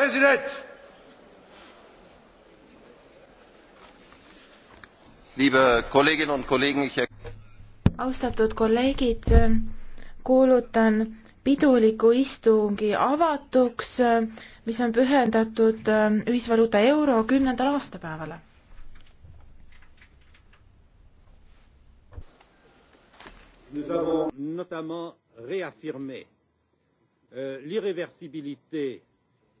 President! Liebe Kolleginnen und Kollegen, ich austatud kolleegid, kuulutan piduliku istungi avatuks, mis on pühendatud ähm, ühisvaluuta euro kümnendal aastapäevale nous avons notamment réaffirmé euh, l'irréversibilité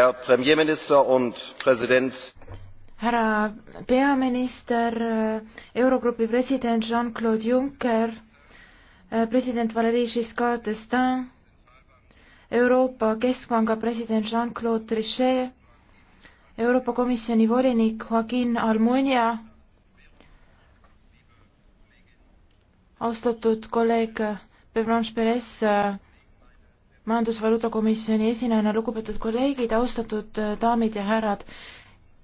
Herr Premierminister und Präsident härra peaminister, Eurogrupi president Jean-Claude Juncker, president Valéry Giscard d'Estaing, Euroopa Keskpanga president Jean-Claude Trichet, Euroopa Komisjoni volinik Joaquin Almunia, austatud kolleeg Bevranche Perez, majandusvaluutakomisjoni esinaine, lugupeetud kolleegid, austatud äh, daamid ja härrad.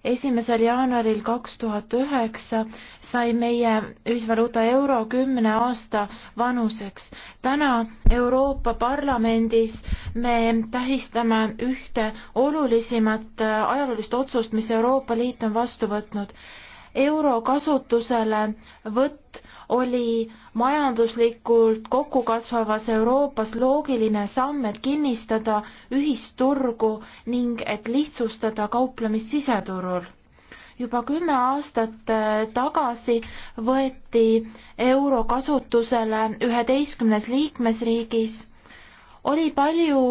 esimesel jaanuaril kaks tuhat üheksa sai meie ühisvaluuta euro kümne aasta vanuseks. täna Euroopa Parlamendis me tähistame ühte olulisemat äh, ajaloolist otsust, mis Euroopa Liit on vastu võtnud. euro kasutusele võtt oli majanduslikult kokkukasvavas Euroopas loogiline samm, et kinnistada ühisturgu ning et lihtsustada kauplemist siseturul. juba kümme aastat tagasi võeti euro kasutusele üheteistkümnes liikmesriigis. oli palju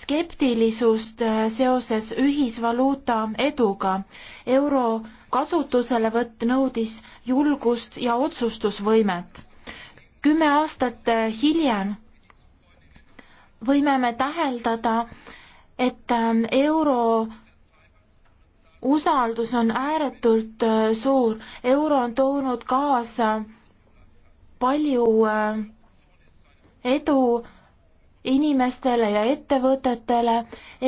skeptilisust seoses ühisvaluuta eduga. euro kasutuselevõtt nõudis julgust ja otsustusvõimet. kümme aastat hiljem võime me täheldada, et ähm, euro usaldus on ääretult äh, suur, euro on toonud kaasa palju äh, edu inimestele ja ettevõtetele.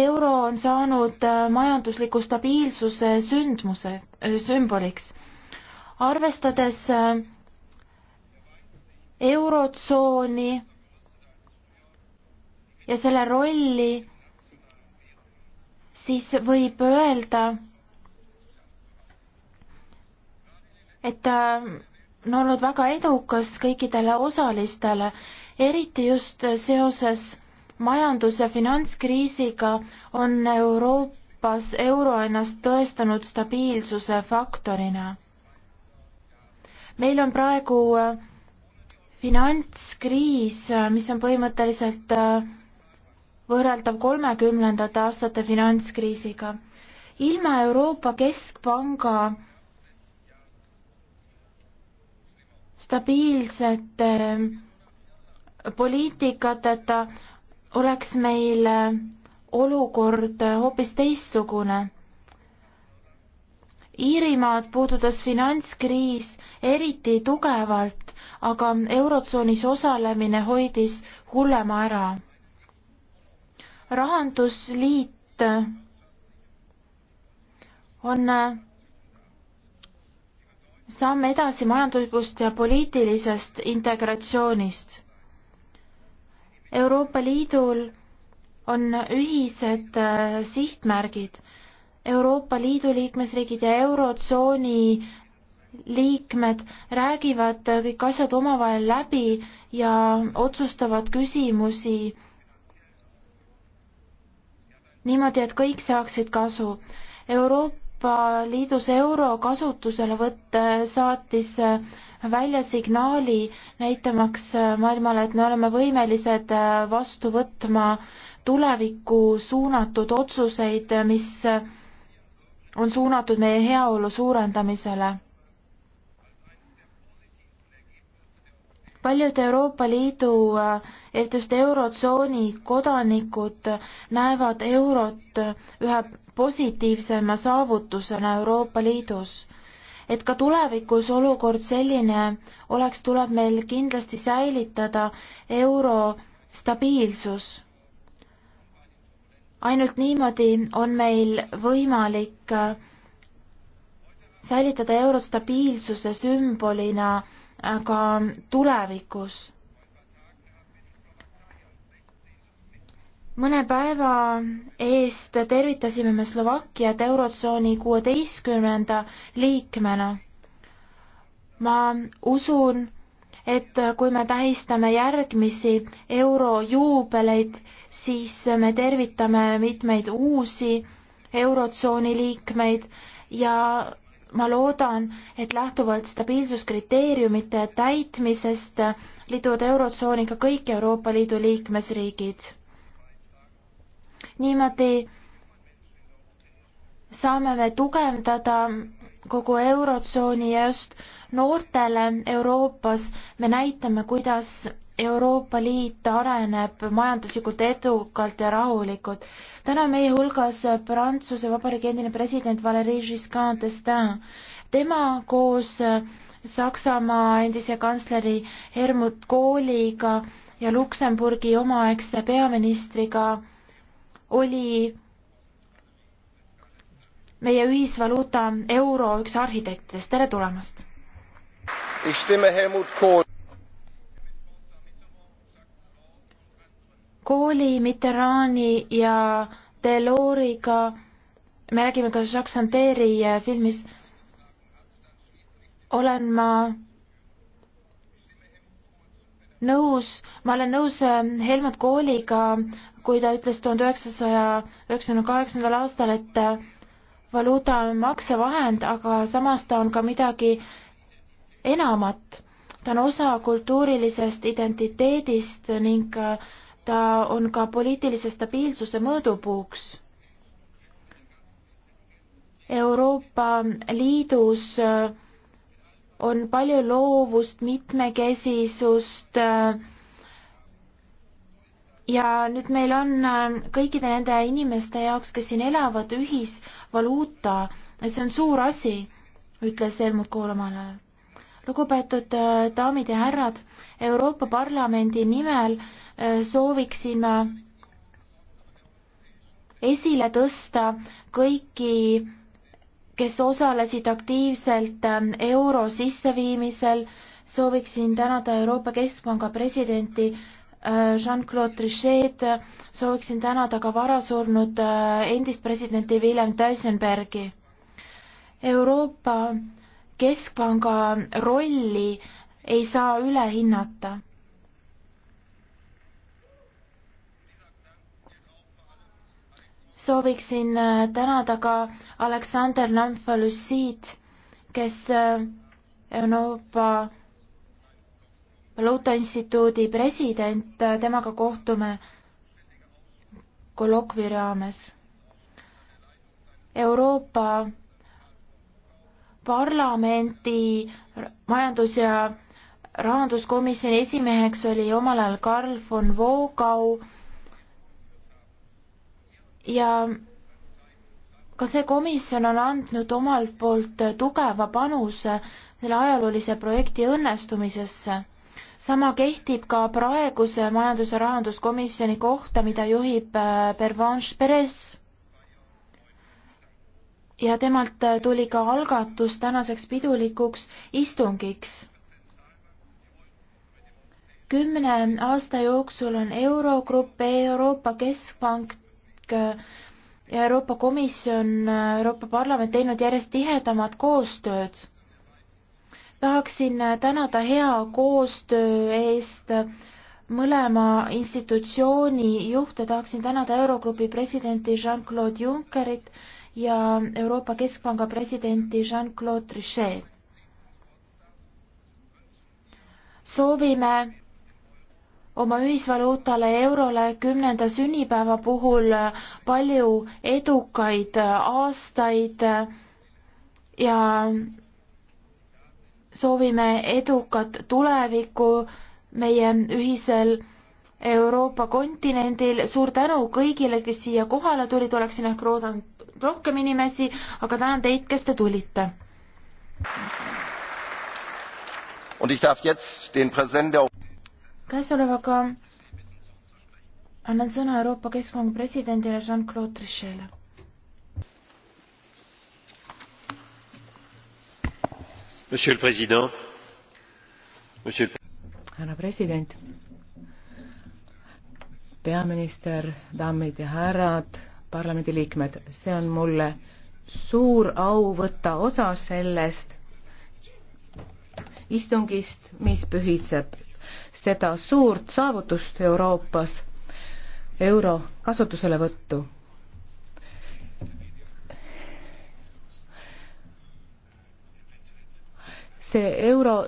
euro on saanud äh, majandusliku stabiilsuse sündmuse, äh, sümboliks. arvestades äh, eurotsooni ja selle rolli, siis võib öelda, et on olnud väga edukas kõikidele osalistele eriti just seoses majandus- ja finantskriisiga on Euroopas euro ennast tõestanud stabiilsuse faktorina. meil on praegu äh, finantskriis, äh, mis on põhimõtteliselt äh, võrreldav kolmekümnendate aastate finantskriisiga. ilma Euroopa Keskpanga stabiilsete poliitikateta oleks meil äh, olukord äh, hoopis teistsugune. Iirimaad puudutas finantskriis eriti tugevalt, aga Eurotsoonis osalemine hoidis hullema ära. rahandusliit äh, on samm edasi majanduslikust ja poliitilisest integratsioonist Euroopa Liidul on ühised äh, sihtmärgid. Euroopa Liidu liikmesriigid ja Eurotsooni liikmed räägivad äh, kõik asjad omavahel läbi ja otsustavad küsimusi niimoodi, et kõik saaksid kasu. Euroopa Euroopa Liidus euro kasutuselevõtt saatis äh, välja signaali, näitamaks äh, maailmale, et me oleme võimelised äh, vastu võtma tulevikku suunatud otsuseid, mis on suunatud meie heaolu suurendamisele. paljud Euroopa Liidu, eriti just Eurotsooni kodanikud näevad Eurot ühe positiivsema saavutusena Euroopa Liidus. et ka tulevikus olukord selline oleks, tuleb meil kindlasti säilitada euro stabiilsus. ainult niimoodi on meil võimalik äh, säilitada euro stabiilsuse sümbolina äh, ka tulevikus mõne päeva eest tervitasime me Slovakkiat Eurotsooni kuueteistkümnenda liikmena. ma usun, et kui me tähistame järgmisi eurojuubeleid, siis me tervitame mitmeid uusi Eurotsooni liikmeid ja ma loodan, et lähtuvalt stabiilsuskriteeriumite täitmisest liituvad Eurotsooniga kõik Euroopa Liidu liikmesriigid niimoodi saame me tugevdada kogu Eurotsooni ja just noortele Euroopas me näitame, kuidas Euroopa Liit areneb majanduslikult edukalt ja rahulikult. täna meie hulgas Prantsuse Vabariigi endine president Valéry Giscard d'Estaing. tema koos Saksamaa endise kantsleri Helmut Kohliga ja Luksemburgi omaaegse peaministriga oli meie ühisvaluuta euro üks arhitektidest, tere tulemast! kooli, Mitterrandi ja Deloriga, me räägime ka Jacques Santeri äh, filmis, olen ma nõus, ma olen nõus äh, Helmut Kooliga kui ta ütles tuhande üheksasaja üheksakümne kaheksandal aastal, et äh, valuuta on maksevahend, aga samas ta on ka midagi enamat. ta on osa kultuurilisest identiteedist ning äh, ta on ka poliitilise stabiilsuse mõõdupuuks. Euroopa Liidus äh, on palju loovust, mitmekesisust äh,, ja nüüd meil on ähm, kõikide nende inimeste jaoks, kes siin elavad, ühisvaluuta, see on suur asi, ütles Helmut Kool omal ajal. lugupeetud äh, daamid ja härrad, Euroopa Parlamendi nimel äh, sooviksin ma esile tõsta kõiki, kes osalesid aktiivselt ähm, euro sisseviimisel, sooviksin tänada Euroopa Keskpanga presidenti Äh, Jean-Claude Trichet, äh, sooviksin tänada ka varasurnud äh, endist presidenti William Dysenbergi. Euroopa Keskpanga rolli ei saa üle hinnata. sooviksin tänada ka Aleksander Namfalussid, kes Euroopa valuutainstituudi president, temaga kohtume kolokvi raames. Euroopa Parlamendi majandus- ja rahanduskomisjoni esimeheks oli omal ajal Karl von Voogau ja ka see komisjon on andnud omalt poolt tugeva panuse selle ajaloolise projekti õnnestumisesse sama kehtib ka praeguse majandus- ja rahanduskomisjoni kohta, mida juhib äh, Pervanche Perez. ja temalt äh, tuli ka algatus tänaseks pidulikuks istungiks. kümne aasta jooksul on Eurogrupp, Euroopa Keskpank äh, ja Euroopa Komisjon, Euroopa Parlament teinud järjest tihedamat koostööd tahaksin tänada hea koostöö eest mõlema institutsiooni juhte, tahaksin tänada Eurogrupi presidenti Jean-Claude Junckerit ja Euroopa Keskpanga presidenti Jean-Claude Trichet. soovime oma ühisvaluutale eurole kümnenda sünnipäeva puhul palju edukaid aastaid ja soovime edukat tulevikku meie ühisel Euroopa kontinendil. suur tänu kõigile, kes siia kohale tulid, oleksin ehk oodanud rohkem inimesi, aga tänan teid, kes te tulite. käesolevaga annan sõna Euroopa Keskpanga presidendile Jean-Claude Trichet'le. härra president peaminister daamid ja härrad parlamendiliikmed see on mulle suur au võtta osa sellest istungist mis pühitseb seda suurt saavutust euroopas euro kasutuselevõttu see euro,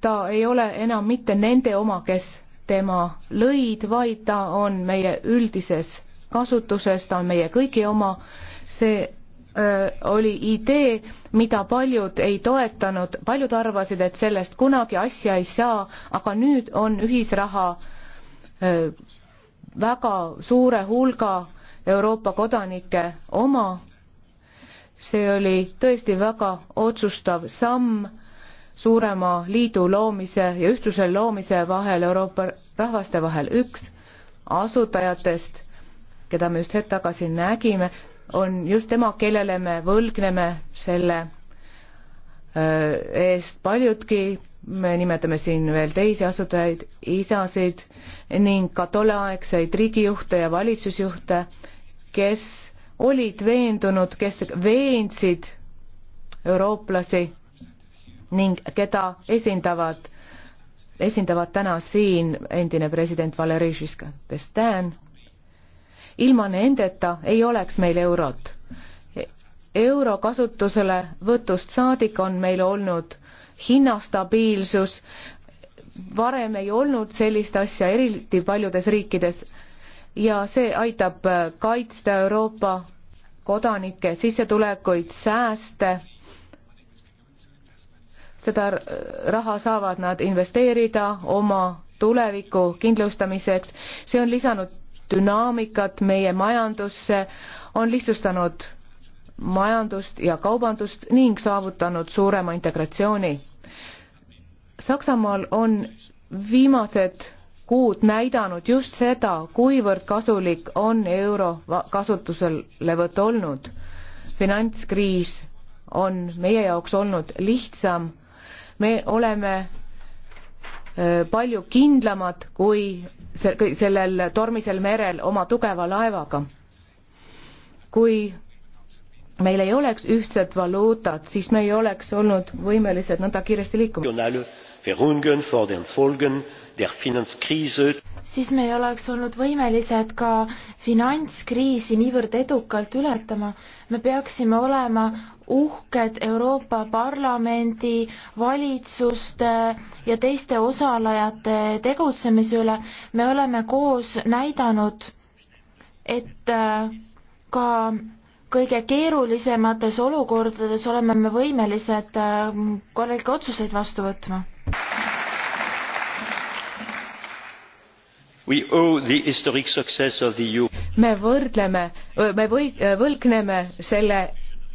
ta ei ole enam mitte nende oma, kes tema lõid, vaid ta on meie üldises kasutuses, ta on meie kõigi oma. see öö, oli idee, mida paljud ei toetanud, paljud arvasid, et sellest kunagi asja ei saa, aga nüüd on ühisraha öö, väga suure hulga Euroopa kodanike oma. see oli tõesti väga otsustav samm suurema liidu loomise ja ühtsuse loomise vahel Euroopa rahvaste vahel. üks asutajatest, keda me just hetk tagasi nägime, on just tema, kellele me võlgneme selle eest paljudki, me nimetame siin veel teisi asutajaid, isasid ning ka tolleaegseid riigijuhte ja valitsusjuhte, kes olid veendunud, kes veensid eurooplasi ning keda esindavad, esindavad täna siin endine president Valeri Žižka-Destan. ilma nendeta ei oleks meil eurot. euro kasutuselevõtust saadik on meil olnud hinnastabiilsus, varem ei olnud sellist asja eriti paljudes riikides ja see aitab kaitsta Euroopa kodanike sissetulekuid, sääste seda raha saavad nad investeerida oma tuleviku kindlustamiseks, see on lisanud dünaamikat meie majandusse, on lihtsustanud majandust ja kaubandust ning saavutanud suurema integratsiooni. Saksamaal on viimased kuud näidanud just seda, kuivõrd kasulik on euro kasutuselevõtt olnud. finantskriis on meie jaoks olnud lihtsam me oleme äh, palju kindlamad kui sellel tormisel merel oma tugeva laevaga. kui meil ei oleks ühtset valuutat, siis me ei oleks olnud võimelised nõnda kiiresti liikuma. siis me ei oleks olnud võimelised ka finantskriisi niivõrd edukalt ületama. me peaksime olema uhked Euroopa Parlamendi, valitsuste ja teiste osalejate tegutsemise üle. me oleme koos näidanud, et äh, ka kõige keerulisemates olukordades oleme me võimelised äh, korralikke otsuseid vastu võtma. me võrdleme, me või-, võlgneme selle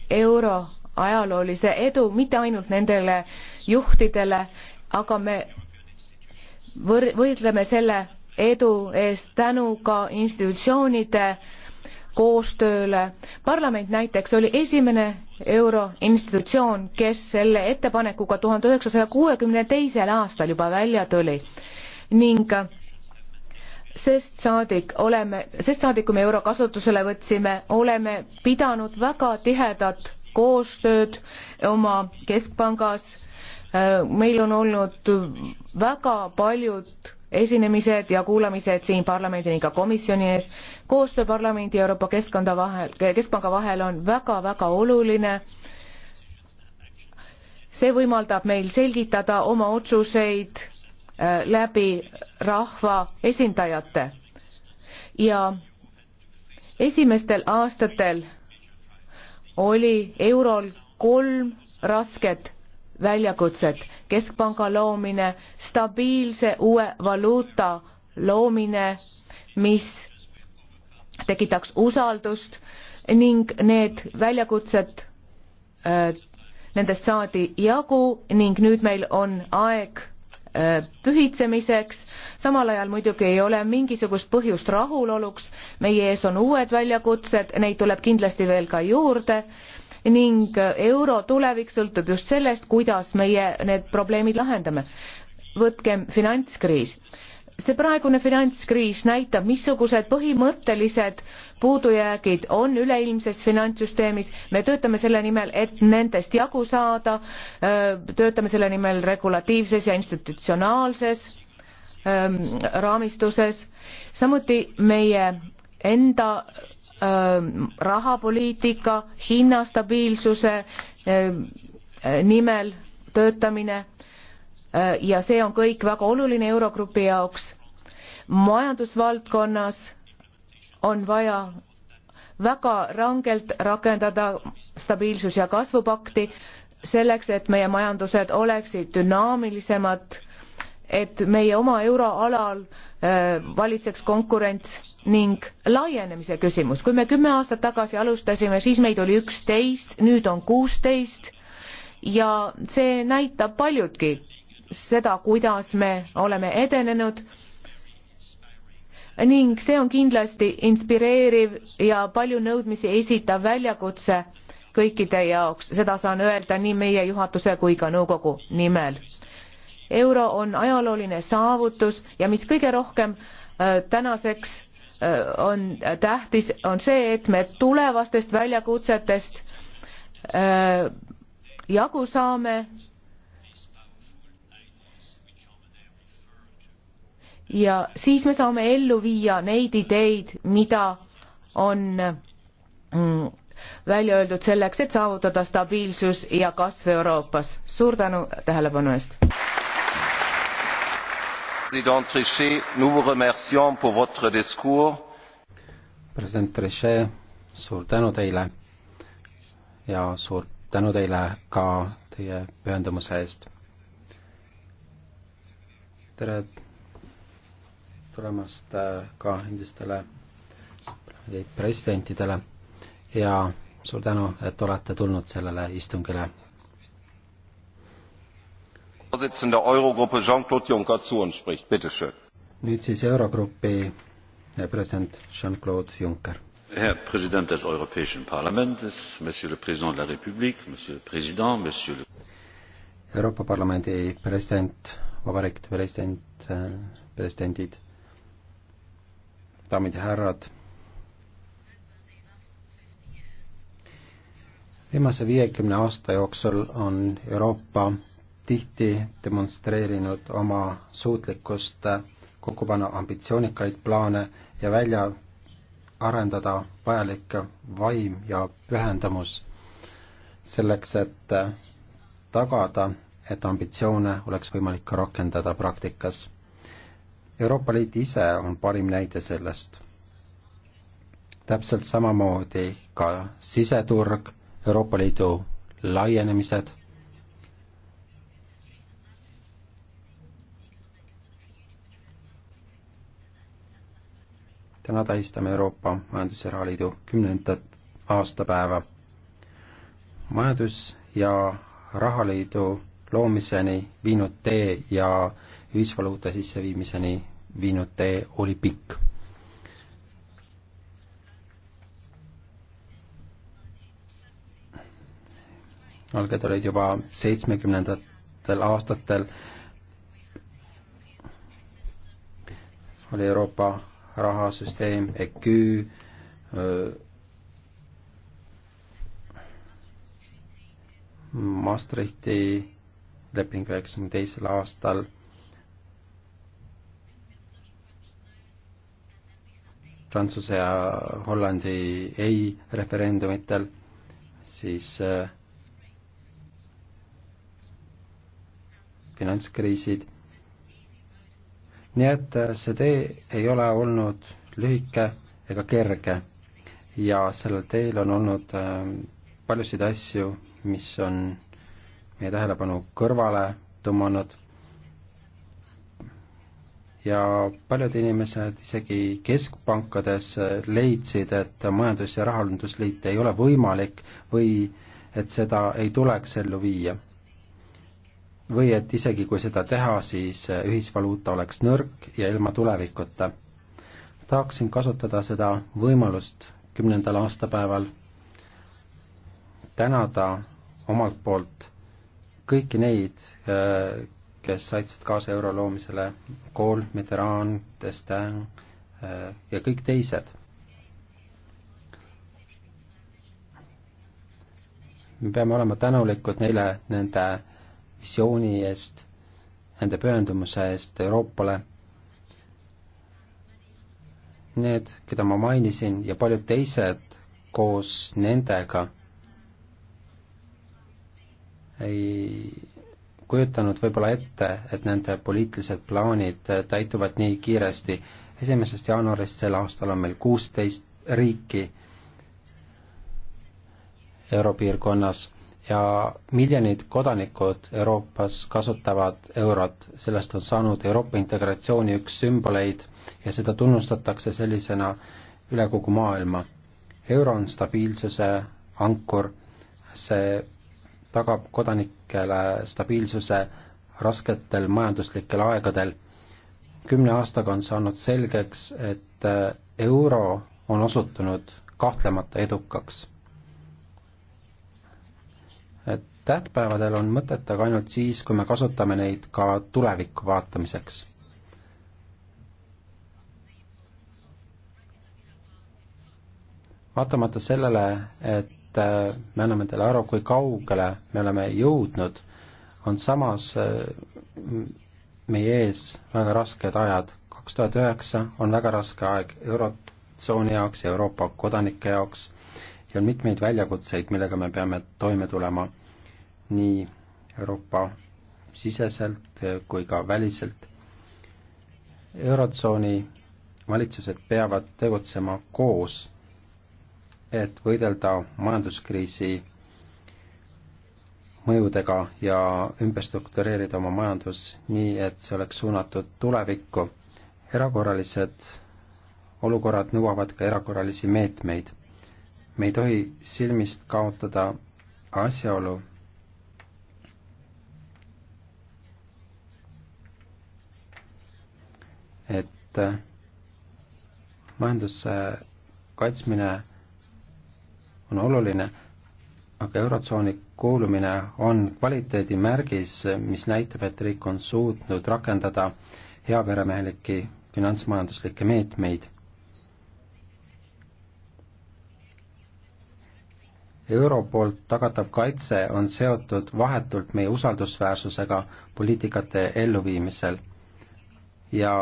euro ajaloolise edu mitte ainult nendele juhtidele, aga me võr-, võrdleme selle edu eest tänu ka institutsioonide koostööle. parlament näiteks oli esimene euroinstitutsioon, kes selle ettepanekuga tuhande üheksasaja kuuekümne teisel aastal juba välja tuli ning sest saadik oleme, sest saadik, kui me euro kasutusele võtsime, oleme pidanud väga tihedat koostööd oma keskpangas. Äh, meil on olnud väga paljud esinemised ja kuulamised siin parlamendi ning ka komisjoni ees. koostöö parlamendi ja Euroopa Keskkonda vahel, Keskpanga vahel on väga-väga oluline. see võimaldab meil selgitada oma otsuseid Äh, läbi rahva esindajate ja esimestel aastatel oli eurol kolm rasket väljakutset keskpanga loomine stabiilse uue valuuta loomine mis tekitaks usaldust ning need väljakutsed äh, nendest saadi jagu ning nüüd meil on aeg Äh, pühitsemiseks, samal ajal muidugi ei ole mingisugust põhjust rahuloluks, meie ees on uued väljakutsed, neid tuleb kindlasti veel ka juurde ning äh, euro tulevik sõltub just sellest, kuidas meie need probleemid lahendame. võtkem finantskriis see praegune finantskriis näitab, missugused põhimõttelised puudujäägid on üleilmses finantssüsteemis, me töötame selle nimel, et nendest jagu saada, töötame selle nimel regulatiivses ja institutsionaalses raamistuses, samuti meie enda rahapoliitika, hinnastabiilsuse nimel töötamine Äh, ja see on kõik väga oluline Eurogrupi jaoks. majandusvaldkonnas on vaja väga rangelt rakendada stabiilsus- ja kasvupakti selleks, et meie majandused oleksid dünaamilisemad, et meie oma euroalal äh, valitseks konkurents ning laienemise küsimus. kui me kümme aastat tagasi alustasime, siis meid oli üksteist, nüüd on kuusteist ja see näitab paljutki seda, kuidas me oleme edenenud ning see on kindlasti inspireeriv ja palju nõudmisi esitav väljakutse kõikide jaoks, seda saan öelda nii meie juhatuse kui ka nõukogu nimel. euro on ajalooline saavutus ja mis kõige rohkem äh, tänaseks äh, on tähtis, on see, et me tulevastest väljakutsetest äh, jagu saame ja siis me saame ellu viia neid ideid, mida on mm, välja öeldud selleks, et saavutada stabiilsus ja kasv Euroopas. suur tänu tähelepanu eest. president Trichet, suur tänu teile ja suur tänu teile ka teie pühendumuse eest. tere tulemast äh, ka endistele presidentidele ja suur tänu, et olete tulnud sellele istungile. nüüd siis Eurogrupi äh, president Jean-Claude Juncker. Herr Präsident des Europäischen Parlaments, Monsieur le Président de la République, Monsieur le Président, Monsieur le Euroopa Parlamendi president, vabariikide president, äh, presidendid daamid ja härrad. viimase viiekümne aasta jooksul on Euroopa tihti demonstreerinud oma suutlikkust kokku panna ambitsioonikaid plaane ja välja arendada vajalik vaim ja pühendumus selleks, et tagada, et ambitsioone oleks võimalik ka rakendada praktikas Euroopa Liit ise on parim näide sellest. täpselt samamoodi ka siseturg, Euroopa Liidu laienemised täna tähistame Euroopa Majandus- ja Rahaliidu kümnendat aastapäeva. majandus- ja Rahaliidu loomiseni viinud tee ja ühisvaluuta sisseviimiseni viinud tee oli pikk. alged olid juba seitsmekümnendatel aastatel, oli Euroopa rahasüsteem ECU, Maastrichti leping üheksakümne teisel aastal Prantsuse ja Hollandi ei referendumitel, siis äh, finantskriisid. nii et äh, see tee ei ole olnud lühike ega kerge ja sellel teel on olnud äh, paljusid asju, mis on meie tähelepanu kõrvale tõmmanud ja paljud inimesed isegi keskpankades leidsid, et Majandus- ja Rahandusliit ei ole võimalik või et seda ei tuleks ellu viia. või et isegi kui seda teha, siis ühisvaluuta oleks nõrk ja ilma tulevikuta. tahaksin kasutada seda võimalust kümnendal aastapäeval tänada omalt poolt kõiki neid, äh, kes aitasid kaasa euro loomisele, Kool, Mitterrand, Destin äh, ja kõik teised. me peame olema tänulikud neile nende visiooni eest, nende pühendumuse eest Euroopale. Need, keda ma mainisin ja paljud teised koos nendega ei kujutanud võib-olla ette, et nende poliitilised plaanid täituvad nii kiiresti. esimesest jaanuarist sel aastal on meil kuusteist riiki europiirkonnas ja miljonid kodanikud Euroopas kasutavad eurot, sellest on saanud Euroopa integratsiooni üks sümboleid ja seda tunnustatakse sellisena üle kogu maailma. euro on stabiilsuse ankur, see tagab kodanik-, kodanikele stabiilsuse rasketel majanduslikel aegadel. kümne aastaga on saanud selgeks, et äh, euro on osutunud kahtlemata edukaks. et tähtpäevadel on mõtet aga ainult siis, kui me kasutame neid ka tulevikku vaatamiseks. vaatamata sellele, et et äh, me anname endale aru, kui kaugele me oleme jõudnud, on samas äh, meie ees väga rasked ajad. kaks tuhat üheksa on väga raske aeg Eurotsooni jaoks ja Euroopa kodanike jaoks ja on mitmeid väljakutseid, millega me peame toime tulema nii Euroopa siseselt äh, kui ka väliselt. Eurotsooni valitsused peavad tegutsema koos et võidelda majanduskriisi mõjudega ja ümber struktureerida oma majandus nii, et see oleks suunatud tulevikku. erakorralised olukorrad nõuavad ka erakorralisi meetmeid. me ei tohi silmist kaotada asjaolu, et majanduse kaitsmine on oluline, aga Eurotsooni kuulumine on kvaliteedimärgis, mis näitab, et riik on suutnud rakendada heaperemehelikke finantsmajanduslikke meetmeid. euro poolt tagatav kaitse on seotud vahetult meie usaldusväärsusega poliitikate elluviimisel ja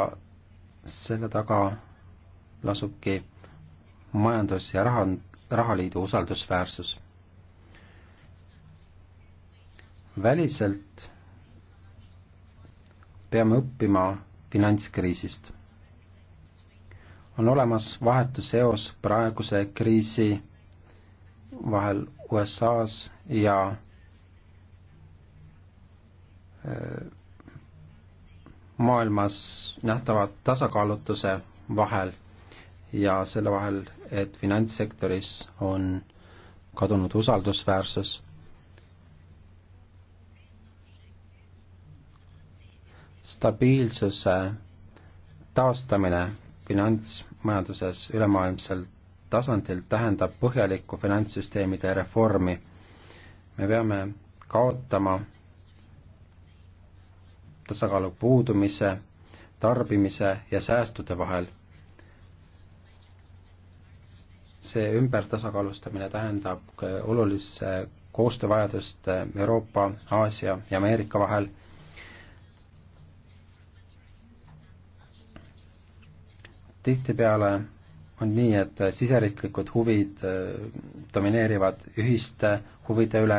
selle taga lasubki majandus- ja rahand-, rahaliidu usaldusväärsus. väliselt peame õppima finantskriisist. on olemas vahetu seos praeguse kriisi vahel USA-s ja äh, maailmas nähtava tasakaalutuse vahel ja selle vahel, et finantssektoris on kadunud usaldusväärsus stabiilsuse taastamine finantsmajanduses ülemaailmsel tasandil tähendab põhjalikku finantssüsteemide reformi. me peame kaotama tasakaalu puudumise, tarbimise ja säästude vahel see ümbertasakaalustamine tähendab olulist koostöövajadust Euroopa, Aasia ja Ameerika vahel. tihtipeale on nii, et siseriiklikud huvid äh, domineerivad ühiste huvide üle,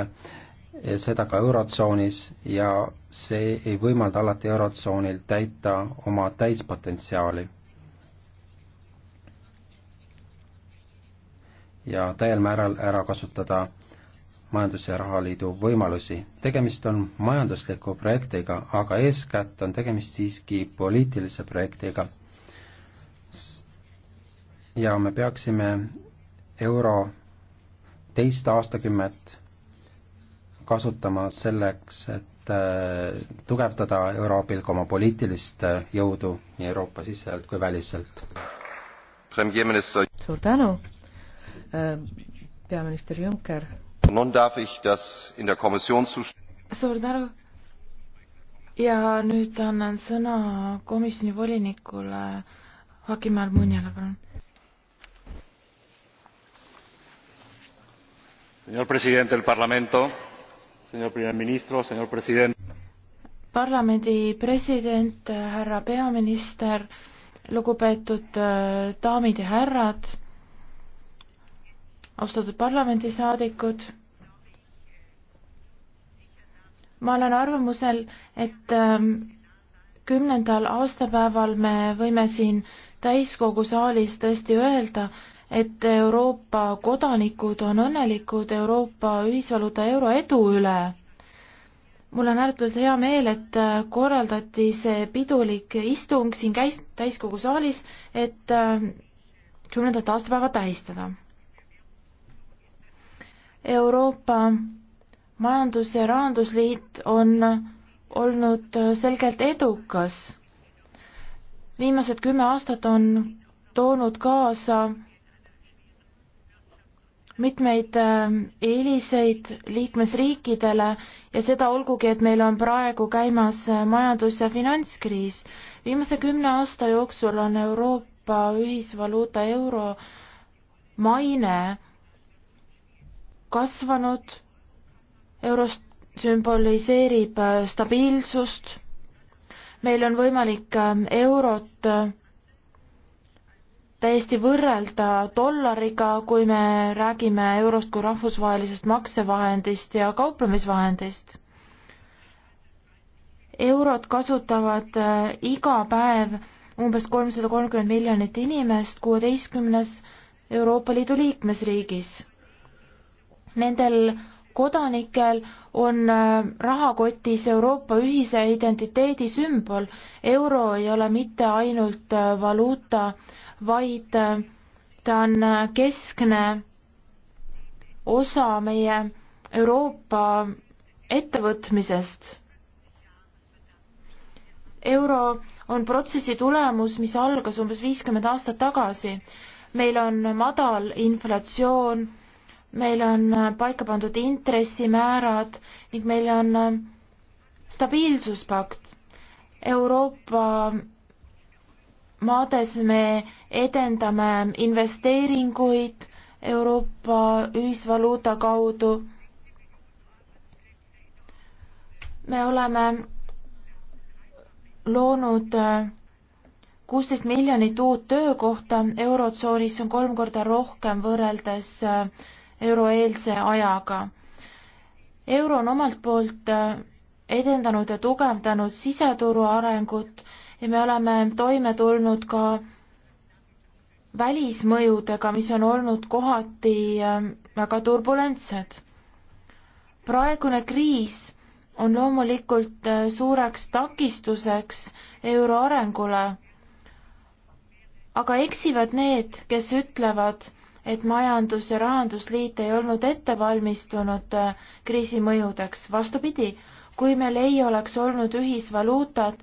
seda ka Eurotsoonis ja see ei võimalda alati Eurotsoonil täita oma täispotentsiaali ja täiel määral ära kasutada majandus- ja rahaliidu võimalusi. tegemist on majandusliku projektiga, aga eeskätt on tegemist siiski poliitilise projektiga. ja me peaksime euro teist aastakümmet kasutama selleks, et äh, tugevdada Euroopilt oma poliitilist äh, jõudu nii Euroopa siseselt kui väliselt. suur tänu! peaminister Juncker. suur tänu ja nüüd annan sõna komisjoni volinikule Hakim Almuniale, palun. Señor presidente del Parlamento, señor primer ministro, señor presidente. parlamendi president, härra peaminister, lugupeetud eh, daamid ja härrad austatud parlamendisaadikud. ma olen arvamusel, et ähm, kümnendal aastapäeval me võime siin täiskogu saalis tõesti öelda, et Euroopa kodanikud on õnnelikud Euroopa ühisvaluuta euro edu üle mul on ääretult hea meel, et äh, korraldati see pidulik istung siin käis täiskogu saalis, et äh, kümnendat aastapäeva tähistada. Euroopa Majandus- ja Rahandusliit on olnud selgelt edukas. viimased kümme aastat on toonud kaasa mitmeid äh, eeliseid liikmesriikidele ja seda olgugi, et meil on praegu käimas äh, majandus- ja finantskriis. viimase kümne aasta jooksul on Euroopa ühisvaluuta euro maine kasvanud, eurost sümboliseerib äh, stabiilsust, meil on võimalik äh, eurot äh, täiesti võrrelda dollariga, kui me räägime eurost kui rahvusvahelisest maksevahendist ja kauplemisvahendist. eurot kasutavad iga päev umbes kolmsada kolmkümmend miljonit inimest kuueteistkümnes Euroopa Liidu liikmesriigis Nendel kodanikel on äh, rahakotis Euroopa ühise identiteedi sümbol. euro ei ole mitte ainult äh, valuuta, vaid äh, ta on keskne osa meie Euroopa ettevõtmisest. euro on protsessi tulemus, mis algas umbes viiskümmend aastat tagasi. meil on madal inflatsioon meil on äh, paika pandud intressimäärad ning meil on äh, stabiilsuspakt. Euroopa maades me edendame investeeringuid Euroopa ühisvaluuta kaudu. me oleme loonud äh, kuusteist miljonit uut töökohta, Eurotsoonis on kolm korda rohkem võrreldes euroeelse ajaga. euro on omalt poolt äh, edendanud ja tugevdanud siseturu arengut ja me oleme toime tulnud ka välismõjudega, mis on olnud kohati äh, väga turbulentsed. praegune kriis on loomulikult äh, suureks takistuseks euro arengule. aga eksivad need, kes ütlevad, et Majandus- ja Rahandusliit ei olnud ette valmistunud äh, kriisi mõjudeks. vastupidi, kui meil ei oleks olnud ühisvaluutat,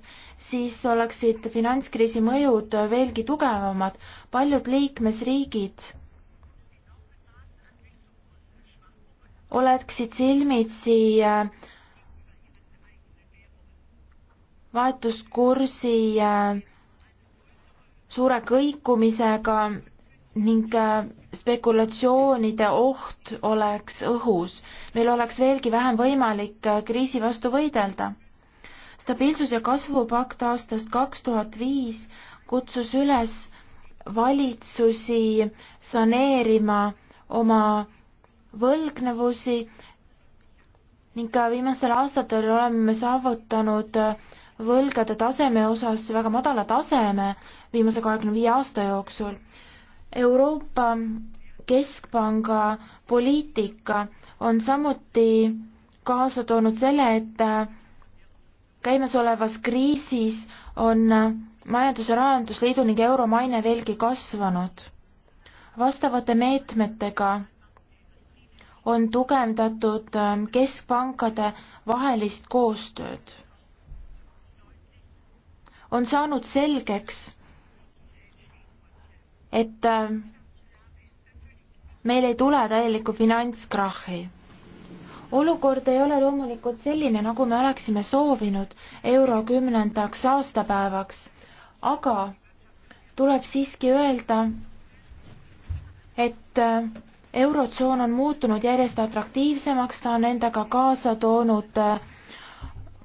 siis oleksid finantskriisi mõjud äh, veelgi tugevamad. paljud liikmesriigid oleksid silmitsi äh, vahetuskursi suure kõikumisega ning äh, spekulatsioonide oht oleks õhus. meil oleks veelgi vähem võimalik äh, kriisi vastu võidelda. stabiilsus- ja kasvupakt aastast kaks tuhat viis kutsus üles valitsusi saneerima oma võlgnevusi ning äh, viimastel aastatel oleme me saavutanud võlgade taseme osas väga madala taseme viimase kahekümne viie aasta jooksul Euroopa Keskpanga poliitika on samuti kaasa toonud selle, et käimasolevas kriisis on majandus- ja rahandusliidu ning euro maine veelgi kasvanud. vastavate meetmetega on tugevdatud keskpankade vahelist koostööd. on saanud selgeks, et äh, meil ei tule täielikku finantskrahhi. olukord ei ole loomulikult selline, nagu me oleksime soovinud euro kümnendaks aastapäevaks, aga tuleb siiski öelda, et äh, eurotsoon on muutunud järjest atraktiivsemaks, ta on endaga kaasa toonud äh,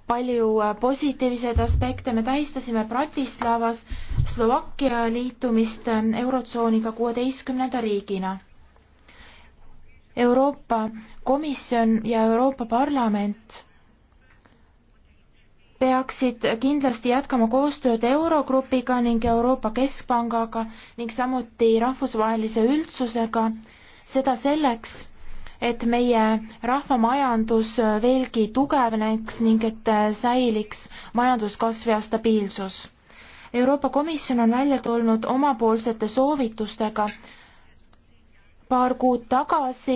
palju positiivseid aspekte, me tähistasime Bratislavas Slovakkia liitumist Eurotsooniga kuueteistkümnenda riigina. Euroopa Komisjon ja Euroopa Parlament peaksid kindlasti jätkama koostööd Eurogrupiga ning Euroopa Keskpangaga ning samuti rahvusvahelise üldsusega, seda selleks, et meie rahvamajandus veelgi tugevneks ning et säiliks majanduskasv ja stabiilsus Euroopa Komisjon on välja tulnud omapoolsete soovitustega paar kuud tagasi,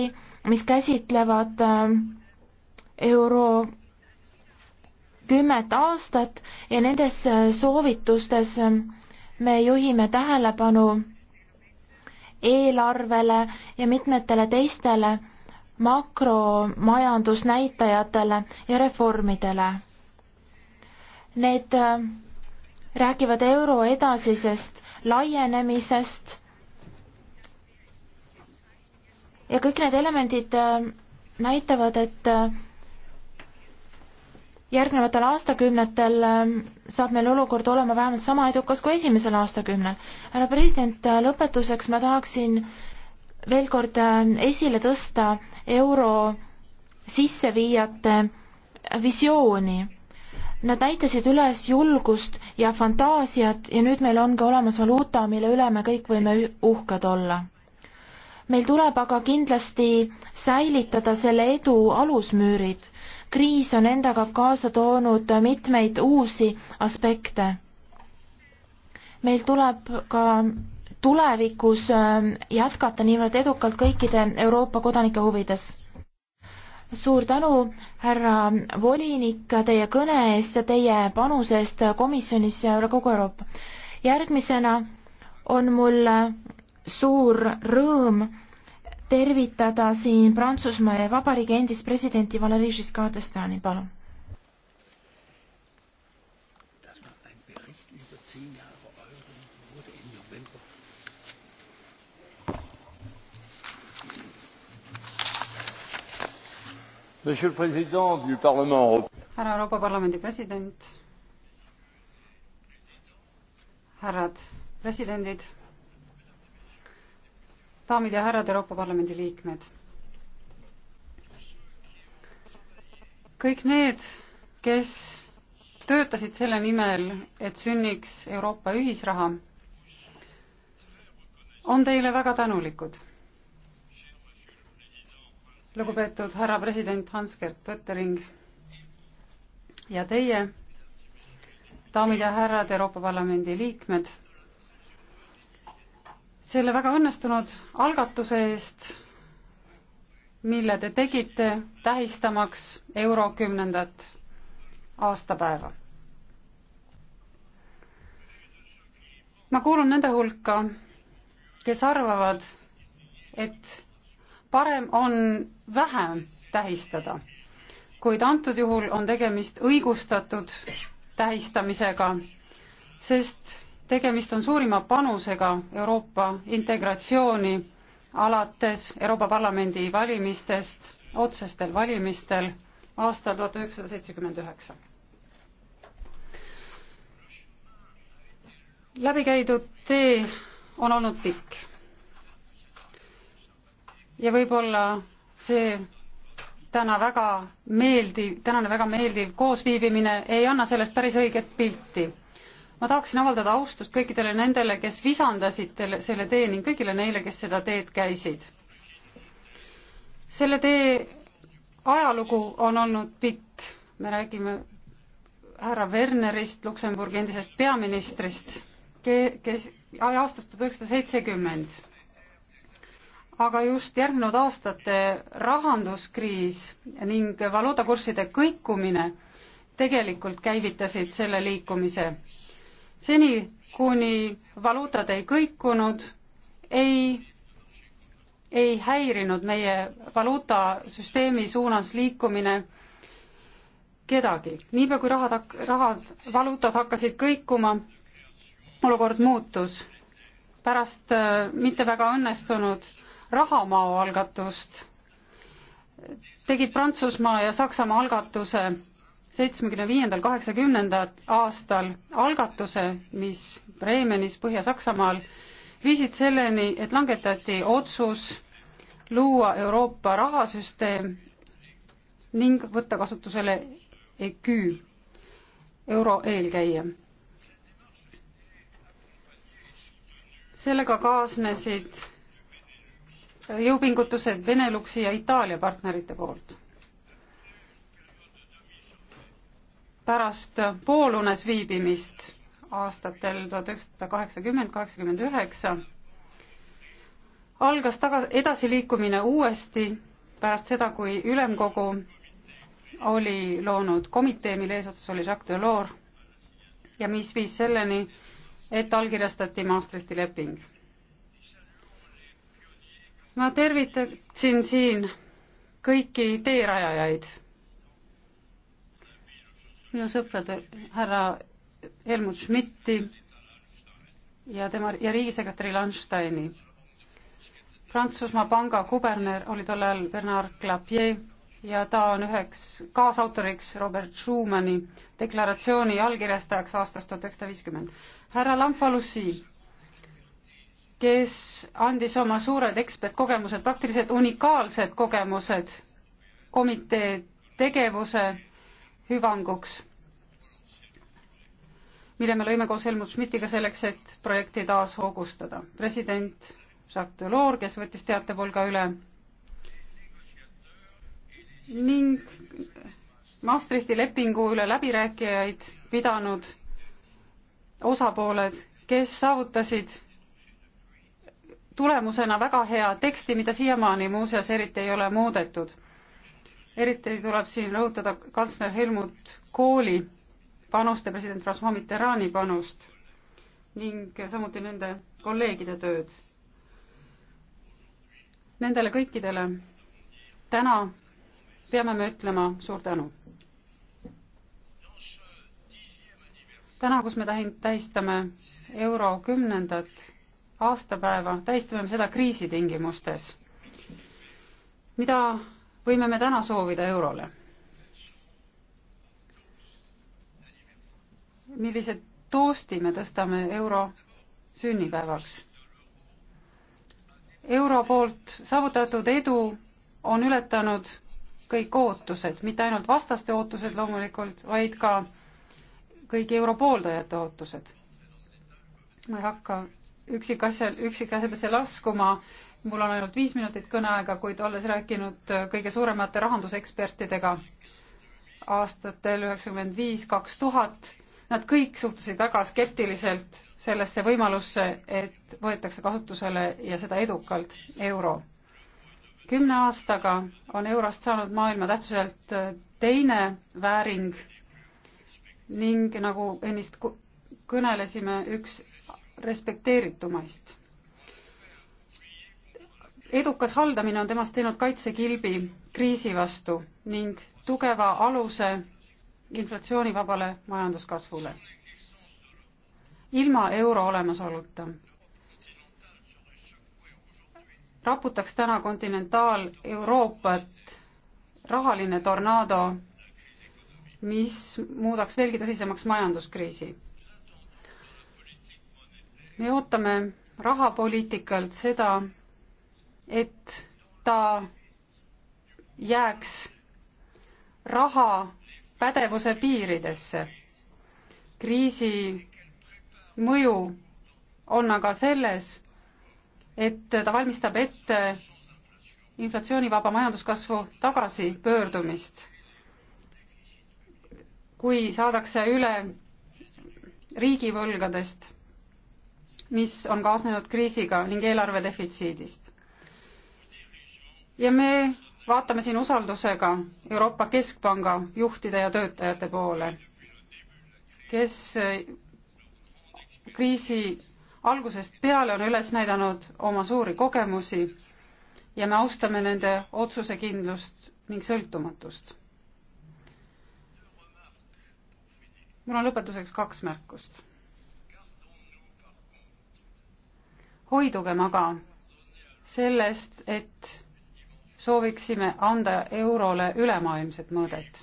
mis käsitlevad äh, euro kümmet aastat ja nendes äh, soovitustes äh, me juhime tähelepanu eelarvele ja mitmetele teistele makromajandusnäitajatele ja reformidele. Need räägivad euro edasisest laienemisest. ja kõik need elemendid äh, näitavad, et äh, järgnevatel aastakümnetel äh, saab meil olukord olema vähemalt sama edukas kui esimesel aastakümnel. härra president, lõpetuseks ma tahaksin veel kord esile tõsta euro sisseviijate visiooni Nad näitasid üles julgust ja fantaasiat ja nüüd meil on ka olemas valuuta, mille üle me kõik võime uhked olla. meil tuleb aga kindlasti säilitada selle edu alusmüürid. kriis on endaga kaasa toonud mitmeid uusi aspekte. meil tuleb ka tulevikus ähm, jätkata niivõrd edukalt kõikide Euroopa kodanike huvides suur tänu, härra volinik, teie kõne eest ja teie panuse eest komisjonis ja üle kogu Euroopa. järgmisena on mul suur rõõm tervitada siin Prantsusmaa ja Vabariigi endist presidenti Valeri Giscard d'Estain'i, palun härra Euroopa Parlamendi president, härrad presidendid, daamid ja härrad Euroopa Parlamendi liikmed. kõik need, kes töötasid selle nimel, et sünniks Euroopa ühisraha, on teile väga tänulikud lugupeetud härra president Hans-Gert Pöttering ja teie, daamid ja härrad, Euroopa Parlamendi liikmed, selle väga õnnestunud algatuse eest, mille te tegite tähistamaks euro kümnendat aastapäeva. ma kuulun nende hulka, kes arvavad, et parem on vähem tähistada, kuid antud juhul on tegemist õigustatud tähistamisega, sest tegemist on suurima panusega Euroopa integratsiooni alates Euroopa Parlamendi valimistest, otsestel valimistel aastal tuhat üheksasada seitsekümmend üheksa. läbikäidud tee on olnud pikk ja võib-olla see täna väga meeldiv, tänane väga meeldiv koosviibimine ei anna sellest päris õiget pilti. ma tahaksin avaldada austust kõikidele nendele, kes visandasid teile selle tee ning kõigile neile, kes seda teed käisid. selle tee ajalugu on olnud pikk, me räägime härra Wernerist, Luksemburgi endisest peaministrist, kes, aastast tuhat üheksasada seitsekümmend aga just järgnenud aastate rahanduskriis ning valuutakursside kõikumine tegelikult käivitasid selle liikumise. seni, kuni valuutad ei kõikunud, ei, ei häirinud meie valuutasüsteemi suunas liikumine kedagi. niipea kui rahad, rahad, valuutad hakkasid kõikuma, olukord muutus. pärast äh, mitte väga õnnestunud rahamao algatust, tegid Prantsusmaa ja Saksamaa algatuse seitsmekümne viiendal, kaheksakümnendal aastal algatuse, mis Bremenis, Põhja-Saksamaal viisid selleni, et langetati otsus luua Euroopa rahasüsteem ning võtta kasutusele EQ, euro eelkäija. sellega kaasnesid jõupingutused Beneluxi ja Itaalia partnerite poolt. pärast poolunes viibimist aastatel tuhat üheksasada kaheksakümmend, kaheksakümmend üheksa algas taga, edasiliikumine uuesti pärast seda, kui ülemkogu oli loonud komitee, mille eesotsas oli Jacques Delors ja mis viis selleni, et allkirjastati Maastrichti leping ma tervitaksin siin kõiki teerajajaid. minu sõprad härra Helmut Schmidti ja tema ja riigisekretäri Landsteini. Prantsusmaa panga kuberner oli tol ajal Bernard Clapier ja ta on üheks kaasautoriks Robert Schumani deklaratsiooni allkirjastajaks aastast tuhat üheksasada viiskümmend. härra Lamfalussi kes andis oma suured ekspertkogemused, praktiliselt unikaalsed kogemused komitee tegevuse hüvanguks, mille me lõime koos Helmut Schmidtiga selleks, et projekti taas hoogustada. president Jacques Delors, kes võttis teatepulga üle ning Maastrichti lepingu üle läbirääkijaid pidanud osapooled, kes saavutasid tulemusena väga hea teksti, mida siiamaani muuseas eriti ei ole muudetud. eriti tuleb siin rõhutada kantsler Helmut Kooli panust ja president Rasmus Mitterrandi panust ning samuti nende kolleegide tööd. Nendele kõikidele täna peame me ütlema suur tänu. täna, kus me tähistame euro kümnendat aastapäeva, tähistame seda kriisitingimustes. mida võime me täna soovida eurole? millise toosti me tõstame euro sünnipäevaks? euro poolt saavutatud edu on ületanud kõik ootused, mitte ainult vastaste ootused loomulikult, vaid ka kõigi euro pooldajate ootused. ma ei hakka üksikasjal, üksikasjadesse laskuma. mul on ainult viis minutit kõneaega, kuid olles rääkinud kõige suuremate rahandusekspertidega aastatel üheksakümmend viis, kaks tuhat, nad kõik suhtusid väga skeptiliselt sellesse võimalusse, et võetakse kasutusele ja seda edukalt euro. kümne aastaga on eurost saanud maailma tähtsuselt teine vääring ning nagu ennist kõnelesime, üks respekteeritumaist. edukas haldamine on temast teinud kaitsekilbi kriisi vastu ning tugeva aluse inflatsioonivabale majanduskasvule. ilma euro olemasoluta raputaks täna kontinentaal-Euroopat rahaline tornaado, mis muudaks veelgi tõsisemaks majanduskriisi me ootame rahapoliitikalt seda, et ta jääks raha pädevuse piiridesse. kriisi mõju on aga selles, et ta valmistab ette inflatsioonivaba majanduskasvu tagasipöördumist, kui saadakse üle riigivõlgadest mis on kaasnenud kriisiga ning eelarve defitsiidist. ja me vaatame siin usaldusega Euroopa Keskpanga juhtide ja töötajate poole, kes kriisi algusest peale on üles näidanud oma suuri kogemusi ja me austame nende otsusekindlust ning sõltumatust. mul on lõpetuseks kaks märkust hoidugem aga sellest, et sooviksime anda eurole ülemaailmset mõõdet.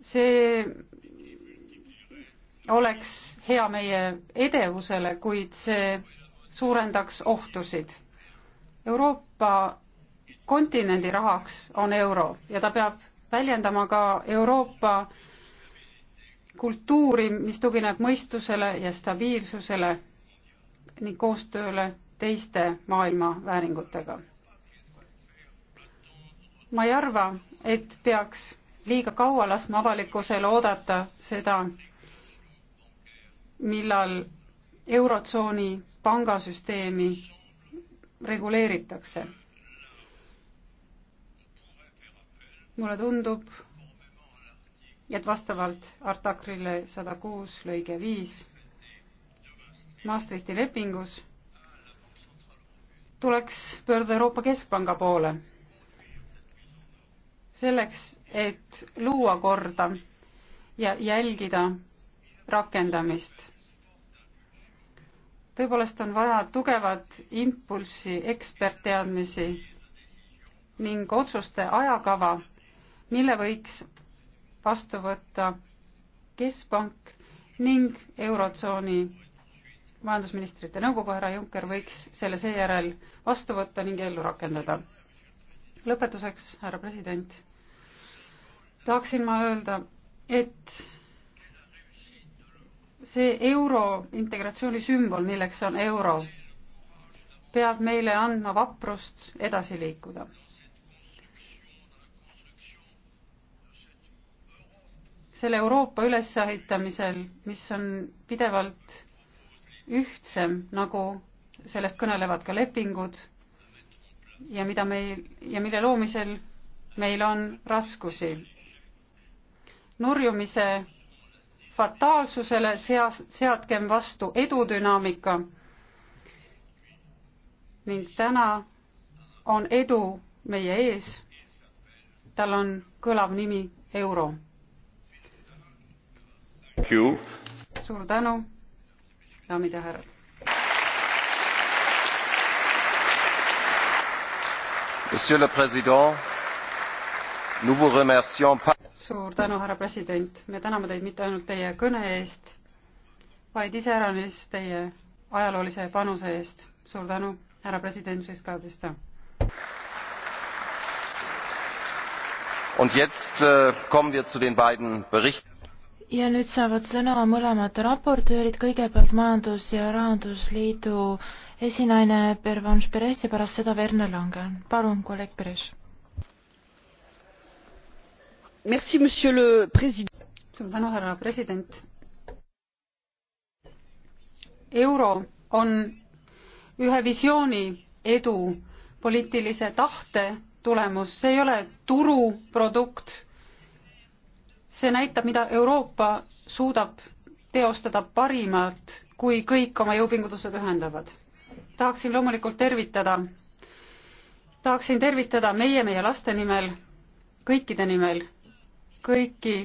see oleks hea meie edevusele, kuid see suurendaks ohtusid. Euroopa kontinendi rahaks on euro ja ta peab väljendama ka Euroopa kultuuri, mis tugineb mõistusele ja stabiilsusele ning koostööle teiste maailma vääringutega. ma ei arva, et peaks liiga kaua laskma avalikkusel oodata seda, millal Eurotsooni pangasüsteemi reguleeritakse. mulle tundub, et vastavalt artakrile sada kuus lõige viis Maastrichti lepingus, tuleks pöörduda Euroopa Keskpanga poole selleks, et luua korda ja jälgida rakendamist. tõepoolest on vaja tugevat impulssi, ekspertteadmisi ning otsuste ajakava, mille võiks vastu võtta Keskpank ning Eurotsooni majandusministrite nõukogu härra Juncker võiks selle seejärel vastu võtta ning ellu rakendada. lõpetuseks, härra president, tahaksin ma öelda, et see euro integratsiooni sümbol, milleks on euro, peab meile andma vaprust edasi liikuda. selle Euroopa ülesehitamisel, mis on pidevalt ühtsem, nagu sellest kõnelevad ka lepingud ja mida meil ja mille loomisel meil on raskusi. nurjumise fataalsusele seas, seadkem vastu edudünaamika ning täna on edu meie ees. tal on kõlav nimi euro. suur tänu daamid ja härrad. Monsieur le Président, nous vous remercions suur tänu, härra president, me täname teid mitte ainult teie kõne eest, vaid iseäranis teie ajaloolise panuse eest. suur tänu, härra president Fiskaldista. Und jetzt äh, kommen wir zu den beiden Berichten ja nüüd saavad sõna mõlemad raportöörid, kõigepealt Majandus- ja Rahandusliidu esinaine Pervanš Peres ja pärast seda Werner Lange. palun, kolleeg Peres. suur tänu, härra president. euro on ühe visiooni edu poliitilise tahte tulemus, see ei ole turuprodukt see näitab, mida Euroopa suudab teostada parimalt, kui kõik oma jõupingutused ühendavad. tahaksin loomulikult tervitada, tahaksin tervitada meie, meie laste nimel, kõikide nimel, kõiki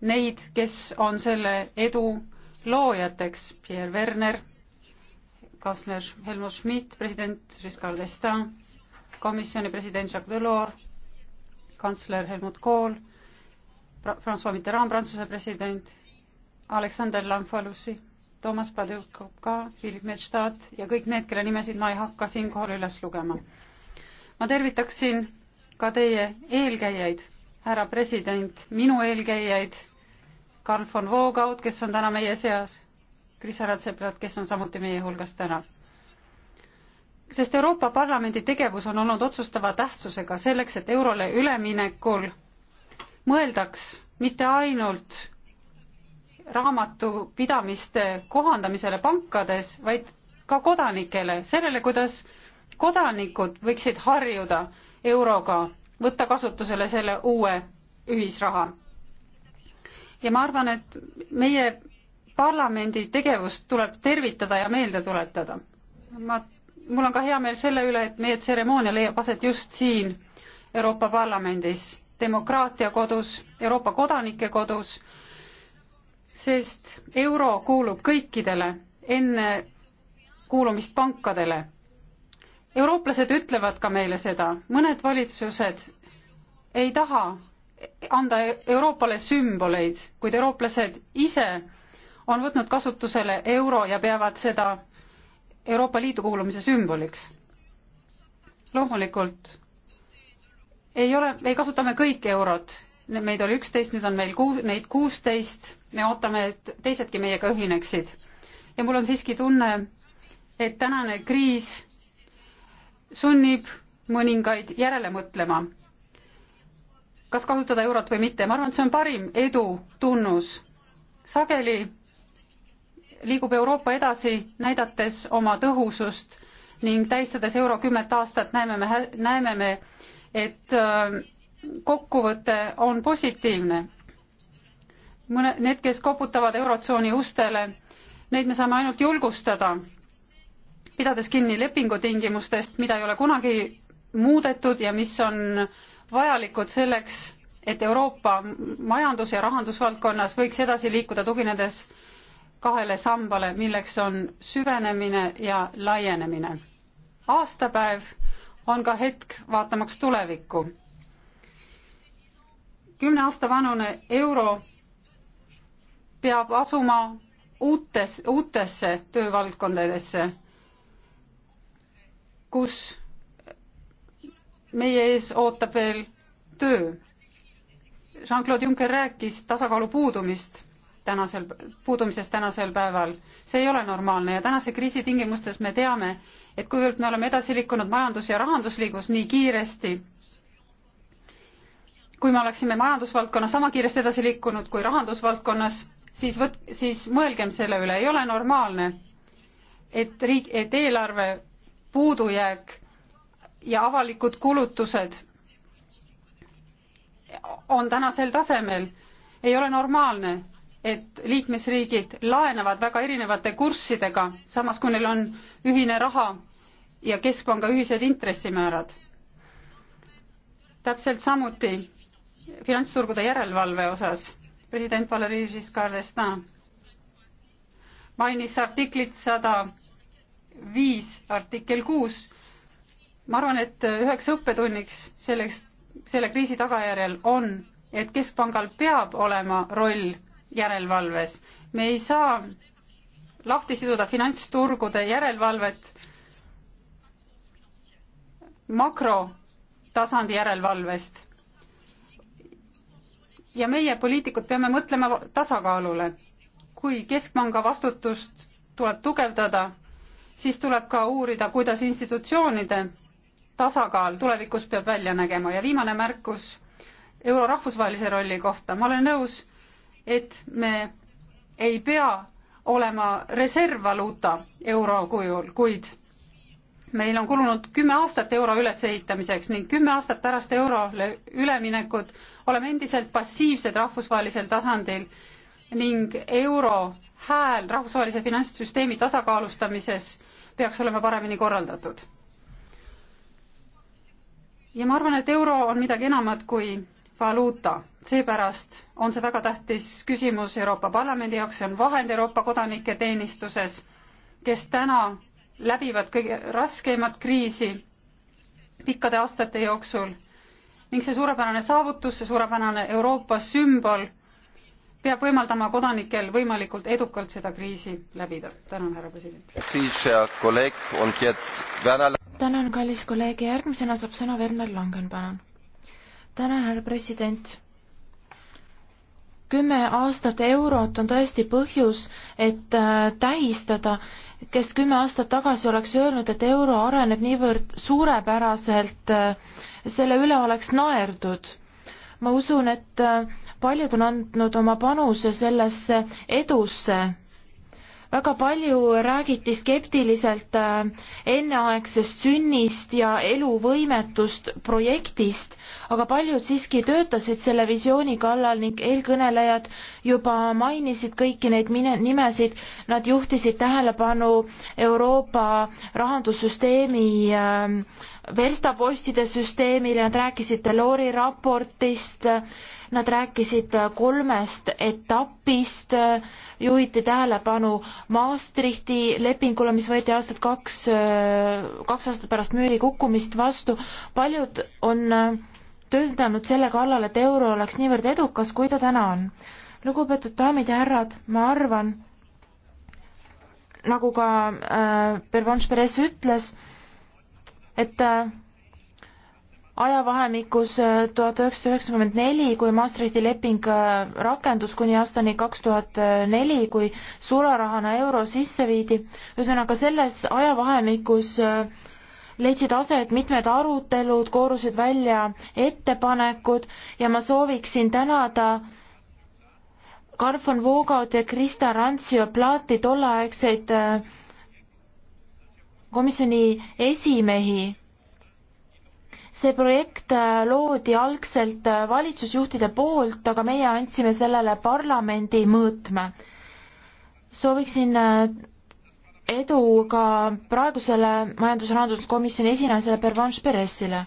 neid, kes on selle edu loojateks, Pierre Werner, kantsler Helmut Schmidt, president Giscard d'Estaing, komisjoni president Jacques Delors, kantsler Helmut Kohl Francois Mitterrand, Prantsuse president, Alexander Lamfalussi, Toomas Padõukov ka, Philip Medstad ja kõik need, kelle nimesid ma ei hakka siinkohal üles lugema. ma tervitaksin ka teie eelkäijaid, härra president, minu eelkäijaid, Karl von Voogaud, kes on täna meie seas, Kris Aratseplat, kes on samuti meie hulgas täna. sest Euroopa Parlamendi tegevus on olnud otsustava tähtsusega selleks, et eurole üleminekul mõeldaks mitte ainult raamatupidamiste kohandamisele pankades, vaid ka kodanikele, sellele, kuidas kodanikud võiksid harjuda euroga, võtta kasutusele selle uue ühisraha. ja ma arvan, et meie parlamendi tegevust tuleb tervitada ja meelde tuletada. ma, mul on ka hea meel selle üle, et meie tseremoonia leiab aset just siin Euroopa Parlamendis demokraatia kodus, Euroopa kodanike kodus, sest euro kuulub kõikidele enne kuulumist pankadele. eurooplased ütlevad ka meile seda, mõned valitsused ei taha anda Euroopale sümboleid, kuid eurooplased ise on võtnud kasutusele euro ja peavad seda Euroopa Liidu kuulumise sümboliks. loomulikult ei ole, ei kasuta me kõik eurot, meid oli üksteist, nüüd on meil kuus, neid kuusteist, me ootame, et teisedki meiega ühineksid. ja mul on siiski tunne, et tänane kriis sunnib mõningaid järele mõtlema, kas kasutada eurot või mitte, ma arvan, et see on parim edu tunnus. sageli liigub Euroopa edasi, näidates oma tõhusust ning tähistades euro kümmet aastat, näeme me, näeme me et äh, kokkuvõte on positiivne. mõne, need, kes koputavad Eurotsooni ustele, neid me saame ainult julgustada, pidades kinni lepingutingimustest, mida ei ole kunagi muudetud ja mis on vajalikud selleks, et Euroopa majandus- ja rahandusvaldkonnas võiks edasi liikuda, tuginedes kahele sambale, milleks on süvenemine ja laienemine. aastapäev on ka hetk vaatamaks tulevikku. kümne aasta vanune euro peab asuma uutes, uutesse töövaldkondadesse, kus meie ees ootab veel töö. Jean-Claude Juncker rääkis tasakaalu puudumist tänasel, puudumisest tänasel päeval. see ei ole normaalne ja tänase kriisi tingimustes me teame, et kuivõrd me oleme edasi liikunud majandus- ja rahandusliigus nii kiiresti, kui me oleksime majandusvaldkonnas sama kiiresti edasi liikunud kui rahandusvaldkonnas, siis võt-, siis mõelgem selle üle, ei ole normaalne, et riik, et eelarve puudujääk ja avalikud kulutused on tänasel tasemel, ei ole normaalne, et liikmesriigid laenevad väga erinevate kurssidega, samas kui neil on ühine raha ja Keskpanga ühised intressimäärad. täpselt samuti finantsturgude järelevalve osas president Valeri Giscard d'Estaing mainis artiklit sada viis, artikkel kuus. ma arvan, et üheks õppetunniks selleks, selle kriisi tagajärjel on, et Keskpangal peab olema roll järelevalves. me ei saa lahti siduda finantsturgude järelevalvet makrotasandi järelevalvest. ja meie, poliitikud, peame mõtlema tasakaalule. kui Keskpanga vastutust tuleb tugevdada, siis tuleb ka uurida, kuidas institutsioonide tasakaal tulevikus peab välja nägema ja viimane märkus euro rahvusvahelise rolli kohta, ma olen nõus, et me ei pea olema reservvaluuta euro kujul, kuid meil on kulunud kümme aastat euro ülesehitamiseks ning kümme aastat pärast eurole üleminekut oleme endiselt passiivsed rahvusvahelisel tasandil ning euro hääl rahvusvahelise finantssüsteemi tasakaalustamises peaks olema paremini korraldatud. ja ma arvan, et euro on midagi enamat kui valuuta, seepärast on see väga tähtis küsimus Euroopa Parlamendi jaoks, see on vahend Euroopa kodanike teenistuses, kes täna läbivad kõige raskemat kriisi pikkade aastate jooksul ning see suurepärane saavutus, see suurepärane Euroopa sümbol peab võimaldama kodanikel võimalikult edukalt seda kriisi läbida. tänan, härra president. tänan, kallis kolleeg ja järgmisena saab sõna Werner Langen, palun. tänan, härra president kümme aastat eurot on tõesti põhjus, et äh, tähistada, kes kümme aastat tagasi oleks öelnud, et euro areneb niivõrd suurepäraselt, äh, selle üle oleks naerdud. ma usun, et äh, paljud on andnud oma panuse sellesse edusse väga palju räägiti skeptiliselt äh, enneaegsest sünnist ja eluvõimetust projektist, aga paljud siiski töötasid selle visiooni kallal ning eelkõnelejad juba mainisid kõiki neid nimesid, nad juhtisid tähelepanu Euroopa rahandussüsteemi äh, verstapostide süsteemile, nad rääkisid Delori raportist, Nad rääkisid kolmest etapist, juhiti tähelepanu Maastrichti lepingule, mis võeti aastat kaks, kaks aastat pärast müüri kukkumist vastu. paljud on töötanud selle kallal, et euro oleks niivõrd edukas, kui ta täna on. lugupeetud daamid ja härrad, ma arvan, nagu ka äh, Pervanche Perez ütles, et äh, ajavahemikus äh, tuhat üheksasada üheksakümmend neli, kui Maastrichti leping äh, rakendus kuni aastani kaks tuhat neli, kui sularahana euro sisse viidi. ühesõnaga selles ajavahemikus äh, leidsid aset mitmed arutelud, koorusid välja ettepanekud ja ma sooviksin tänada Carl von Voogaud ja Krista Rantsio plaati tolleaegseid komisjoni esimehi see projekt äh, loodi algselt äh, valitsusjuhtide poolt, aga meie andsime sellele parlamendi mõõtme. sooviksin äh, edu ka praegusele majandus- ja rahanduskomisjoni esinaisele Pervanche Peressile.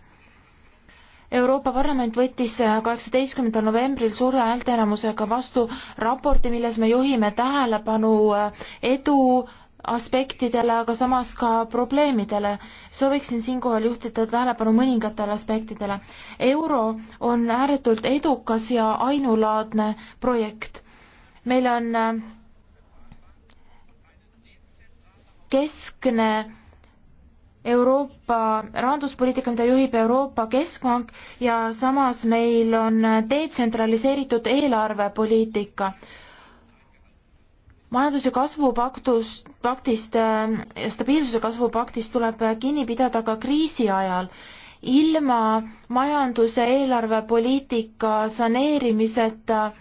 Euroopa Parlament võttis kaheksateistkümnendal novembril suure häälteenamusega vastu raporti, milles me juhime tähelepanu edu aspektidele, aga samas ka probleemidele. sooviksin siinkohal juhtida tähelepanu mõningatele aspektidele. euro on ääretult edukas ja ainulaadne projekt. meil on äh, keskne Euroopa rahanduspoliitika, mida juhib Euroopa Keskpank ja samas meil on äh, detsentraliseeritud eelarvepoliitika majanduse kasvupaktust, paktist ja äh, stabiilsuse kasvupaktist tuleb kinni pidada ka kriisi ajal. ilma majanduse eelarvepoliitika saneerimiseta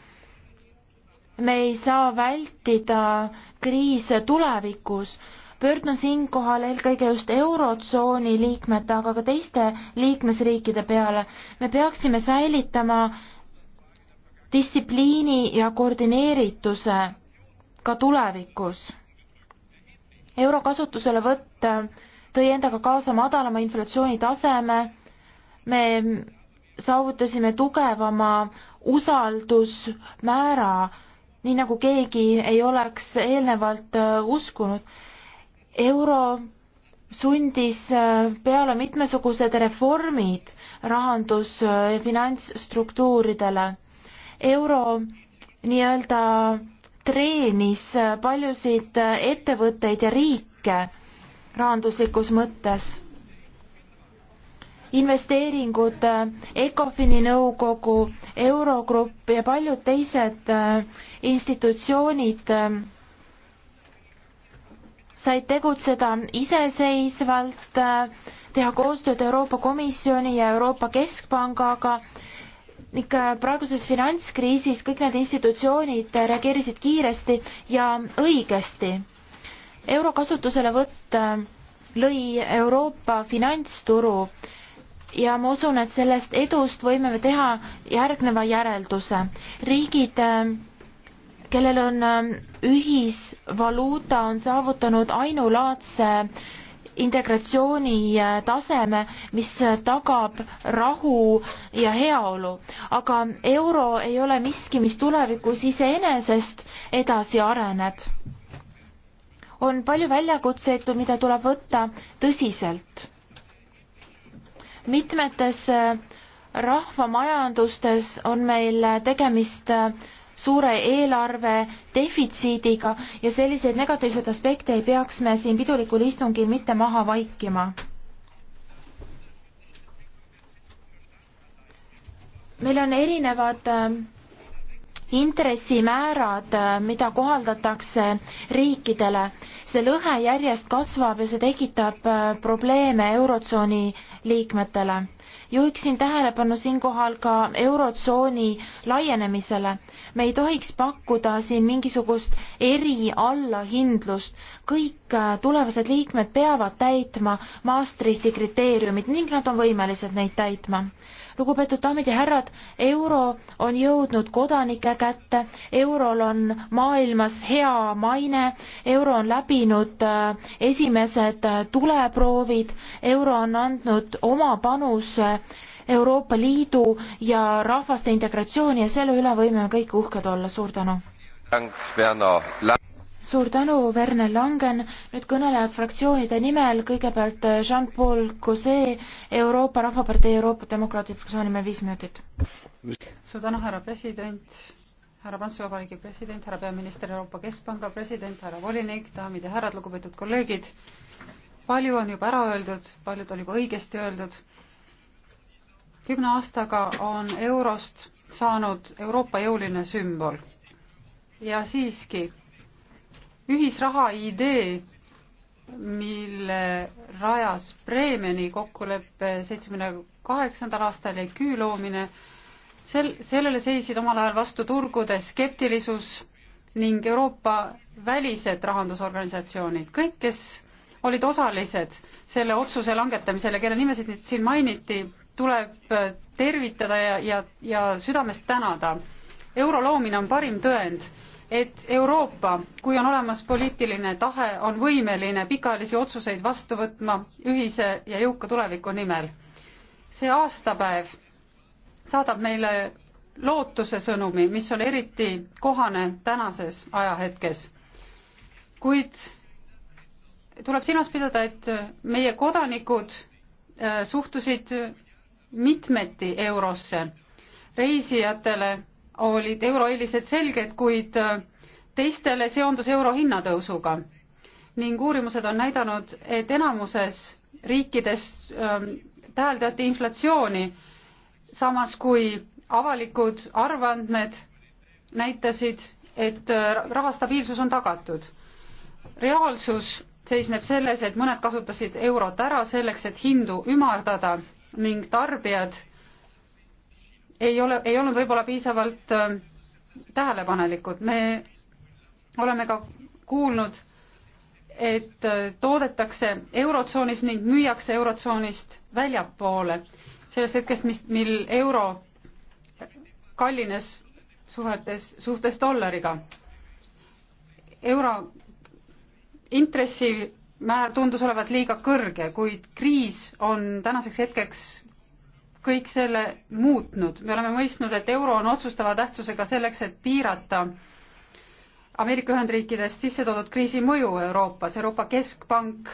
me ei saa vältida kriise tulevikus. pöördun siinkohal eelkõige just Eurotsooni liikmete, aga ka teiste liikmesriikide peale. me peaksime säilitama distsipliini ja koordineerituse ka tulevikus. euro kasutuselevõtt tõi endaga kaasa madalama inflatsiooni taseme, me saavutasime tugevama usaldusmäära, nii nagu keegi ei oleks eelnevalt äh, uskunud. euro sundis äh, peale mitmesugused reformid rahandus- ja finantsstruktuuridele. euro nii-öelda treenis paljusid ettevõtteid ja riike rahanduslikus mõttes. investeeringud, ECOFIN-i nõukogu, Eurogrupp ja paljud teised äh, institutsioonid äh, said tegutseda iseseisvalt, äh, teha koostööd Euroopa Komisjoni ja Euroopa Keskpangaga ning praeguses finantskriisis kõik need institutsioonid reageerisid kiiresti ja õigesti. euro kasutuselevõtt äh, lõi Euroopa finantsturu ja ma usun, et sellest edust võime me teha järgneva järelduse. riigid, äh, kellel on äh, ühisvaluuta, on saavutanud ainulaadse integratsiooni äh, taseme, mis äh, tagab rahu ja heaolu. aga euro ei ole miski, mis tulevikus iseenesest edasi areneb. on palju väljakutseid, mida tuleb võtta tõsiselt. mitmetes äh, rahvamajandustes on meil tegemist suure eelarve defitsiidiga ja selliseid negatiivseid aspekte ei peaks me siin pidulikul istungil mitte maha vaikima. meil on erinevad ähm, intressimäärad, äh, mida kohaldatakse riikidele. see lõhe järjest kasvab ja see tekitab äh, probleeme Eurotsooni liikmetele juhiksin tähelepanu siinkohal ka Eurotsooni laienemisele. me ei tohiks pakkuda siin mingisugust eri allahindlust. kõik äh, tulevased liikmed peavad täitma Maastrichti kriteeriumid ning nad on võimelised neid täitma lugupeetud daamid ja härrad, euro on jõudnud kodanike kätte, eurol on maailmas hea maine, euro on läbinud äh, esimesed äh, tuleproovid, euro on andnud oma panuse Euroopa Liidu ja rahvaste integratsiooni ja selle üle võime kõik uhked olla, suur tänu! suur tänu, Werner Langen. nüüd kõnelejad fraktsioonide nimel, kõigepealt äh, Jean-Paul Cosset, Euroopa Rahvapartei Euroopa Demokraatide fraktsiooni nimel viis minutit. suur tänu, härra president, härra Prantsuse Vabariigi president, härra peaminister, Euroopa Keskpanga president, härra volinik, daamid ja härrad, lugupeetud kolleegid. palju on juba ära öeldud, paljud on juba õigesti öeldud. kümne aastaga on eurost saanud Euroopa jõuline sümbol ja siiski ühisraha idee, mille rajas Bremeni kokkuleppe seitsmekümne kaheksandal aastal ja küü loomine, sel, sellele seisid omal ajal vastu turgude skeptilisus ning Euroopa välised rahandusorganisatsioonid, kõik, kes olid osalised selle otsuse langetamisel ja kelle nimesid nüüd siin mainiti, tuleb tervitada ja, ja, ja südamest tänada. euro loomine on parim tõend et Euroopa, kui on olemas poliitiline tahe, on võimeline pikaajalisi otsuseid vastu võtma ühise ja jõuka tuleviku nimel. see aastapäev saadab meile lootuse sõnumi, mis on eriti kohane tänases ajahetkes. kuid tuleb silmas pidada, et meie kodanikud äh, suhtusid mitmeti eurosse. reisijatele olid euroeelised selged, kuid äh, teistele seondus euro hinnatõusuga ning uurimused on näidanud, et enamuses riikides ähm, täheldati inflatsiooni, samas kui avalikud arvandmed näitasid, et äh, raha stabiilsus on tagatud. reaalsus seisneb selles, et mõned kasutasid eurot ära selleks, et hindu ümardada ning tarbijad ei ole, ei olnud võib-olla piisavalt äh, tähelepanelikud. me oleme ka kuulnud, et äh, toodetakse Eurotsoonis ning müüakse Eurotsoonist väljapoole. sellest hetkest, mis, mil euro kallines suhetes, suhtes dollariga. euro intressimäär tundus olevat liiga kõrge, kuid kriis on tänaseks hetkeks kõik selle muutnud, me oleme mõistnud, et euro on otsustava tähtsusega selleks, et piirata Ameerika Ühendriikidest sisse toodud kriisi mõju Euroopas, Euroopa Keskpank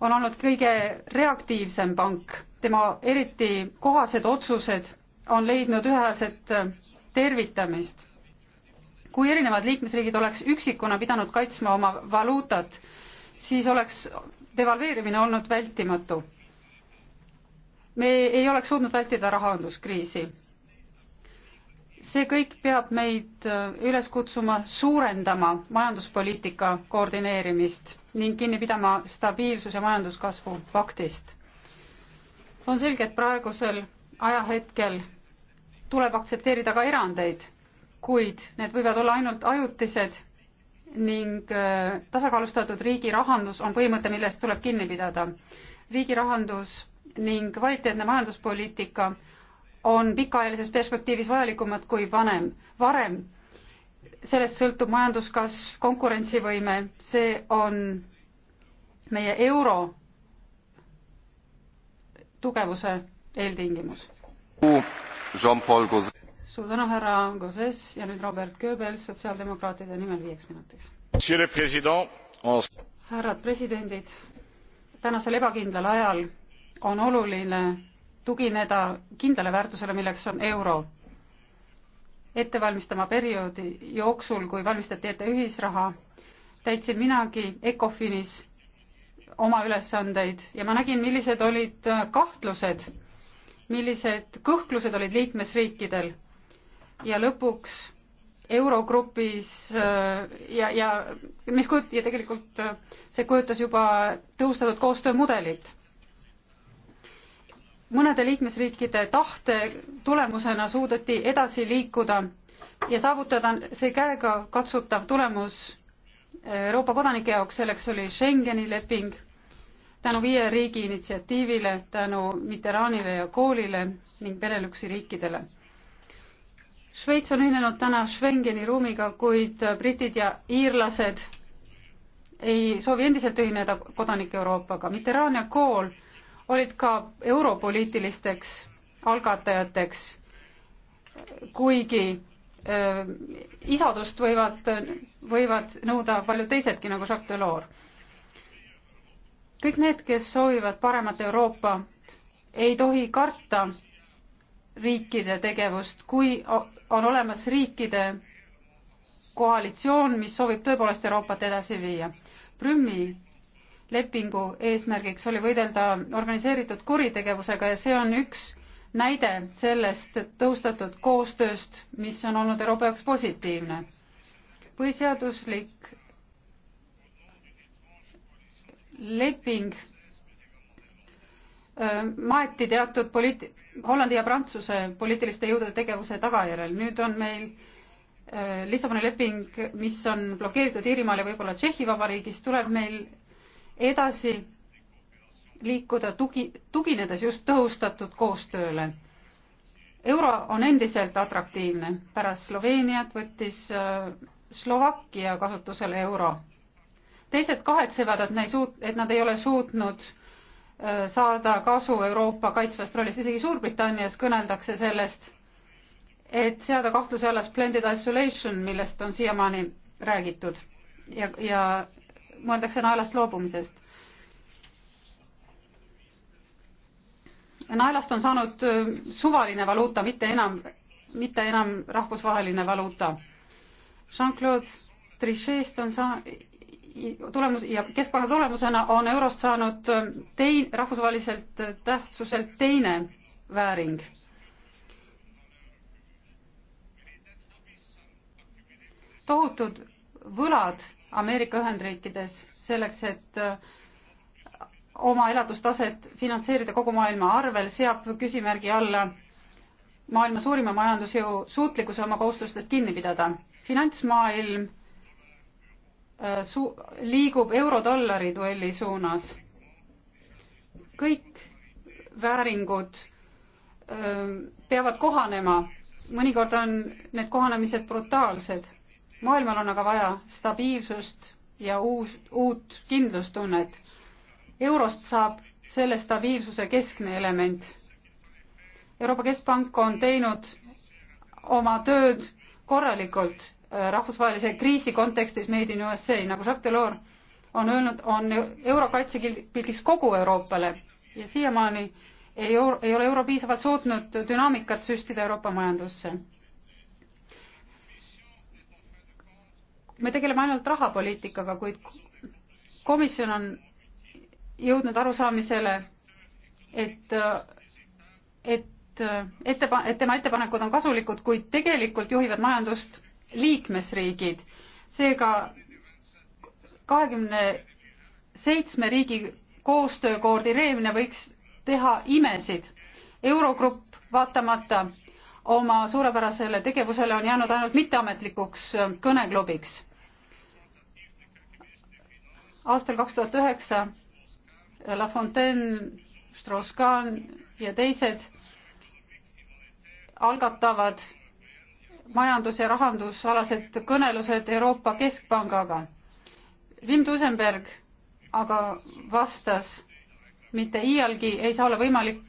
on olnud kõige reaktiivsem pank, tema eriti kohased otsused on leidnud ühehäälset tervitamist. kui erinevad liikmesriigid oleks üksikuna pidanud kaitsma oma valuutat, siis oleks devalveerimine olnud vältimatu me ei oleks suutnud vältida rahanduskriisi. see kõik peab meid äh, üles kutsuma suurendama majanduspoliitika koordineerimist ning kinni pidama stabiilsus- ja majanduskasvu paktist. on selge, et praegusel ajahetkel tuleb aktsepteerida ka erandeid, kuid need võivad olla ainult ajutised ning äh, tasakaalustatud riigi rahandus on põhimõte, millest tuleb kinni pidada. riigi rahandus ning kvaliteetne majanduspoliitika on pikaajalises perspektiivis vajalikumad kui vanem, varem. sellest sõltub majanduskasv, konkurentsivõime, see on meie euro tugevuse eeltingimus. suur tänu, härra Gozes ja nüüd Robert Goebbels sotsiaaldemokraatide nimel viieks minutiks. härrad presidendid, tänasel ebakindlal ajal on oluline tugineda kindlale väärtusele, milleks on euro. ettevalmistama perioodi jooksul, kui valmistati ette ühisraha, täitsin minagi ECOFINis oma ülesandeid ja ma nägin, millised olid kahtlused, millised kõhklused olid liikmesriikidel ja lõpuks Eurogrupis äh, ja, ja mis kujut- ja tegelikult äh, see kujutas juba tõhustatud koostöömudelit mõnede liikmesriikide tahte tulemusena suudeti edasi liikuda ja saavutada see käegakatsutav tulemus Euroopa kodanike jaoks, selleks oli Schengeni leping, tänu viie riigi initsiatiivile, tänu Mitterrandile ja Koolile ning Beneluxi riikidele. Šveits on ühinenud täna Schengeni ruumiga, kuid britid ja iirlased ei soovi endiselt ühineda kodanike Euroopaga. Mitterrand ja Kool olid ka europoliitilisteks algatajateks, kuigi äh, isadust võivad, võivad nõuda paljud teisedki, nagu Jacques Delors. kõik need, kes soovivad paremat Euroopat, ei tohi karta riikide tegevust, kui on olemas riikide koalitsioon, mis soovib tõepoolest Euroopat edasi viia. Prümi lepingu eesmärgiks oli võidelda organiseeritud kuritegevusega ja see on üks näide sellest tõustatud koostööst, mis on olnud Euroopa jaoks positiivne. põhiseaduslik leping maeti teatud poliit-, Hollandi ja Prantsuse poliitiliste jõudude tegevuse tagajärjel. nüüd on meil Lissaboni leping, mis on blokeeritud Iirimaal ja võib-olla Tšehhi Vabariigis, tuleb meil edasi liikuda tugi, tuginedes just tõhustatud koostööle. euro on endiselt atraktiivne, pärast Sloveeniat võttis äh, Slovakkia kasutusele euro. teised kahetsevad, et nad ei suut-, et nad ei ole suutnud äh, saada kasu Euroopa kaitsvast rollist, isegi Suurbritannias kõneldakse sellest, et seada kahtluse alla splendid isolation, millest on siiamaani räägitud ja, ja mõeldakse naelast loobumisest. naelast on saanud äh, suvaline valuuta, mitte enam, mitte enam rahvusvaheline valuuta. Jean-Claude Trichet'st on saa-, tulemus ja keskpanga tulemusena on eurost saanud äh, tei-, rahvusvaheliselt äh, tähtsuselt teine vääring. tohutud võlad Ameerika Ühendriikides selleks, et äh, oma elatustaset finantseerida kogu maailma arvel, seab küsimärgi alla maailma suurima majandusjõu suutlikkuse oma kohustustest kinni pidada. finantsmaailm äh, su-, liigub eurodollari duelli suunas. kõik vääringud öö, äh, peavad kohanema, mõnikord on need kohanemised brutaalsed maailmal on aga vaja stabiilsust ja uus, uut kindlustunnet. eurost saab selle stabiilsuse keskne element. Euroopa Keskpank on teinud oma tööd korralikult äh, rahvusvahelise kriisi kontekstis Made in USA, nagu Jacques Delors on öelnud, on euro kaitsekilpilgis kogu Euroopale ja siiamaani ei, ei ole euro piisavalt suutnud dünaamikat süstida Euroopa majandusse me tegeleme ainult rahapoliitikaga, kuid komisjon on jõudnud arusaamisele, et, et ettepa-, et tema ettepanekud on kasulikud, kuid tegelikult juhivad majandust liikmesriigid. seega kahekümne seitsme riigi koostöö koordineerimine võiks teha imesid. eurogrupp vaatamata oma suurepärasele tegevusele on jäänud ainult mitteametlikuks kõneklubiks. aastal kaks tuhat üheksa La Fontaine, Strauss-Kahn ja teised algatavad majandus- ja rahandusalased kõnelused Euroopa Keskpangaga. Wim Dusenberg aga vastas, mitte iialgi ei saa olla võimalik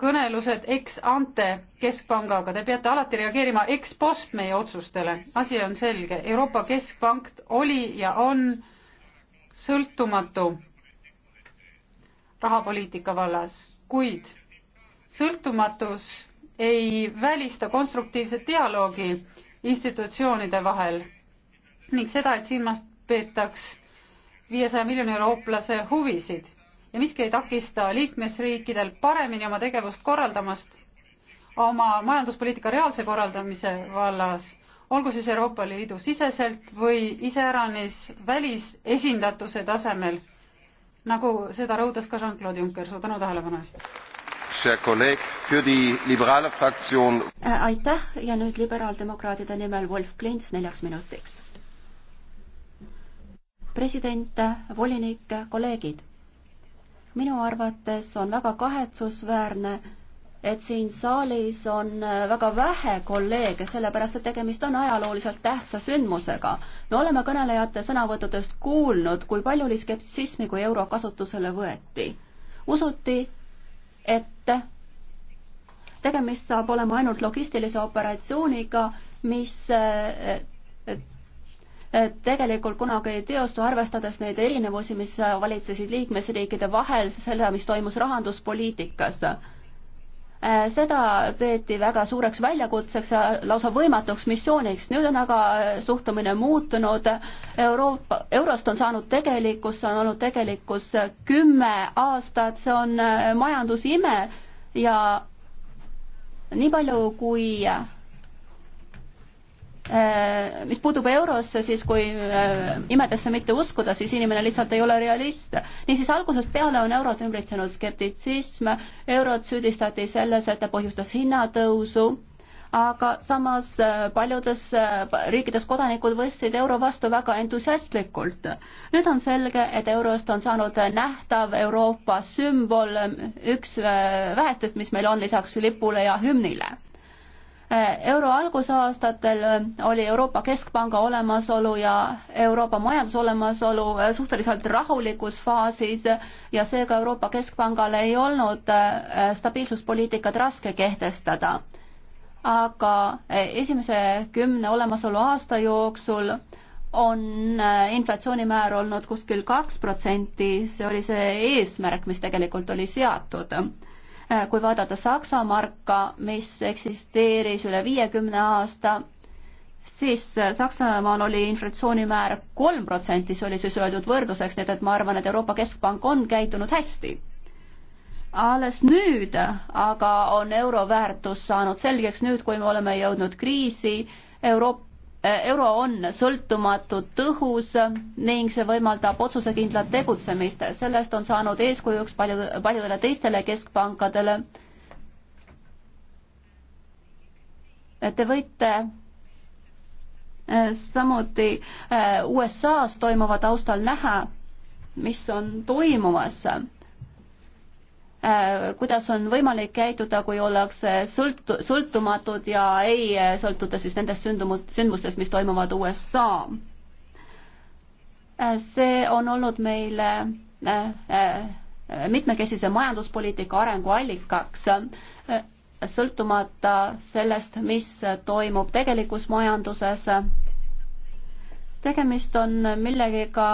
kõnelused ex ante keskpangaga, te peate alati reageerima ex post meie otsustele, asi on selge, Euroopa Keskpank oli ja on sõltumatu rahapoliitika vallas, kuid sõltumatus ei välista konstruktiivset dialoogi institutsioonide vahel ning seda, et silmas peetaks viiesaja miljoni eurooplase huvisid ja miski ei takista liikmesriikidel paremini oma tegevust korraldamast oma majanduspoliitika reaalse korraldamise vallas, olgu siis Euroopa Liidu siseselt või iseäranis välisesindatuse tasemel, nagu seda rõhutas ka Jean-Claude Juncker, suur tänu tähelepanu eest! Äh, aitäh ja nüüd liberaaldemokraatide nimel Wolf Klints neljaks minutiks. president, äh, volinik, äh, kolleegid minu arvates on väga kahetsusväärne, et siin saalis on äh, väga vähe kolleege, sellepärast et tegemist on ajalooliselt tähtsa sündmusega. me oleme kõnelejate sõnavõttudest kuulnud, kui palju oli skeptsismi, kui euro kasutusele võeti. usuti, et tegemist saab olema ainult logistilise operatsiooniga, mis äh, tegelikult kunagi ei teostu, arvestades neid erinevusi, mis valitsesid liikmesriikide vahel, selle, mis toimus rahanduspoliitikas. Äh, seda peeti väga suureks väljakutseks ja lausa võimatuks missiooniks. nüüd on aga suhtumine muutunud. Euroopa, eurost on saanud tegelikkus, see on olnud tegelikkus kümme aastat, see on äh, majandusime ja nii palju, kui Äh, mis puutub eurosse, siis kui äh, imedesse mitte uskuda, siis inimene lihtsalt ei ole realist. niisiis algusest peale on eurot ümbritsenud skeptitsism, eurot süüdistati selles, et ta põhjustas hinnatõusu, aga samas äh, paljudes riikides kodanikud võtsid euro vastu väga entusiastlikult. nüüd on selge, et eurost on saanud nähtav Euroopa sümbol, üks vähestest, mis meil on lisaks lipule ja hümnile euro algusaastatel oli Euroopa Keskpanga olemasolu ja Euroopa majanduse olemasolu suhteliselt rahulikus faasis ja seega Euroopa Keskpangal ei olnud äh, stabiilsuspoliitikat raske kehtestada. aga äh, esimese kümne olemasolu aasta jooksul on äh, inflatsioonimäär olnud kuskil kaks protsenti, see oli see eesmärk, mis tegelikult oli seatud Äh, kui vaadata Saksa marka, mis eksisteeris üle viiekümne aasta, siis äh, Saksamaal oli inflatsioonimäär kolm protsenti, see oli siis öeldud võrdluseks, nii et, et ma arvan, et Euroopa Keskpank on käitunud hästi. alles nüüd aga on euro väärtus saanud selgeks, nüüd kui me oleme jõudnud kriisi, Euroopa Äh, euro on sõltumatu, tõhus ning see võimaldab otsusekindlat tegutsemist. sellest on saanud eeskujuks palju, paljudele teistele keskpankadele. Te võite äh, samuti äh, USA-s toimuva taustal näha, mis on toimumas Äh, kuidas on võimalik käituda, kui ollakse sõltu-, sõltumatud ja ei sõltuda siis nendest sündumus, sündmustest, mis toimuvad USA. Äh, see on olnud meile äh, mitmekesise majanduspoliitika arengu allikaks, sõltumata sellest, mis toimub tegelikus majanduses. tegemist on millegiga,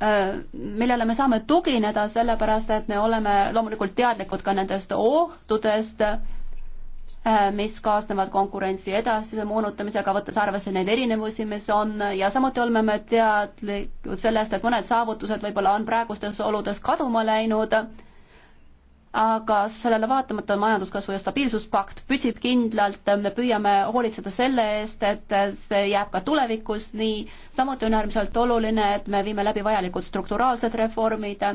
Äh, millele me saame tugineda, sellepärast et me oleme loomulikult teadlikud ka nendest ohtudest, äh, mis kaasnevad konkurentsi edasise moonutamisega, võttes arvesse neid erinevusi, mis on, ja samuti oleme me teadlikud sellest, et mõned saavutused võib-olla on praegustes oludes kaduma läinud aga sellele vaatamata majanduskasvu ja stabiilsuspakt püsib kindlalt, me püüame hoolitseda selle eest, et see jääb ka tulevikus nii, samuti on äärmiselt oluline, et me viime läbi vajalikud strukturaalsed reformid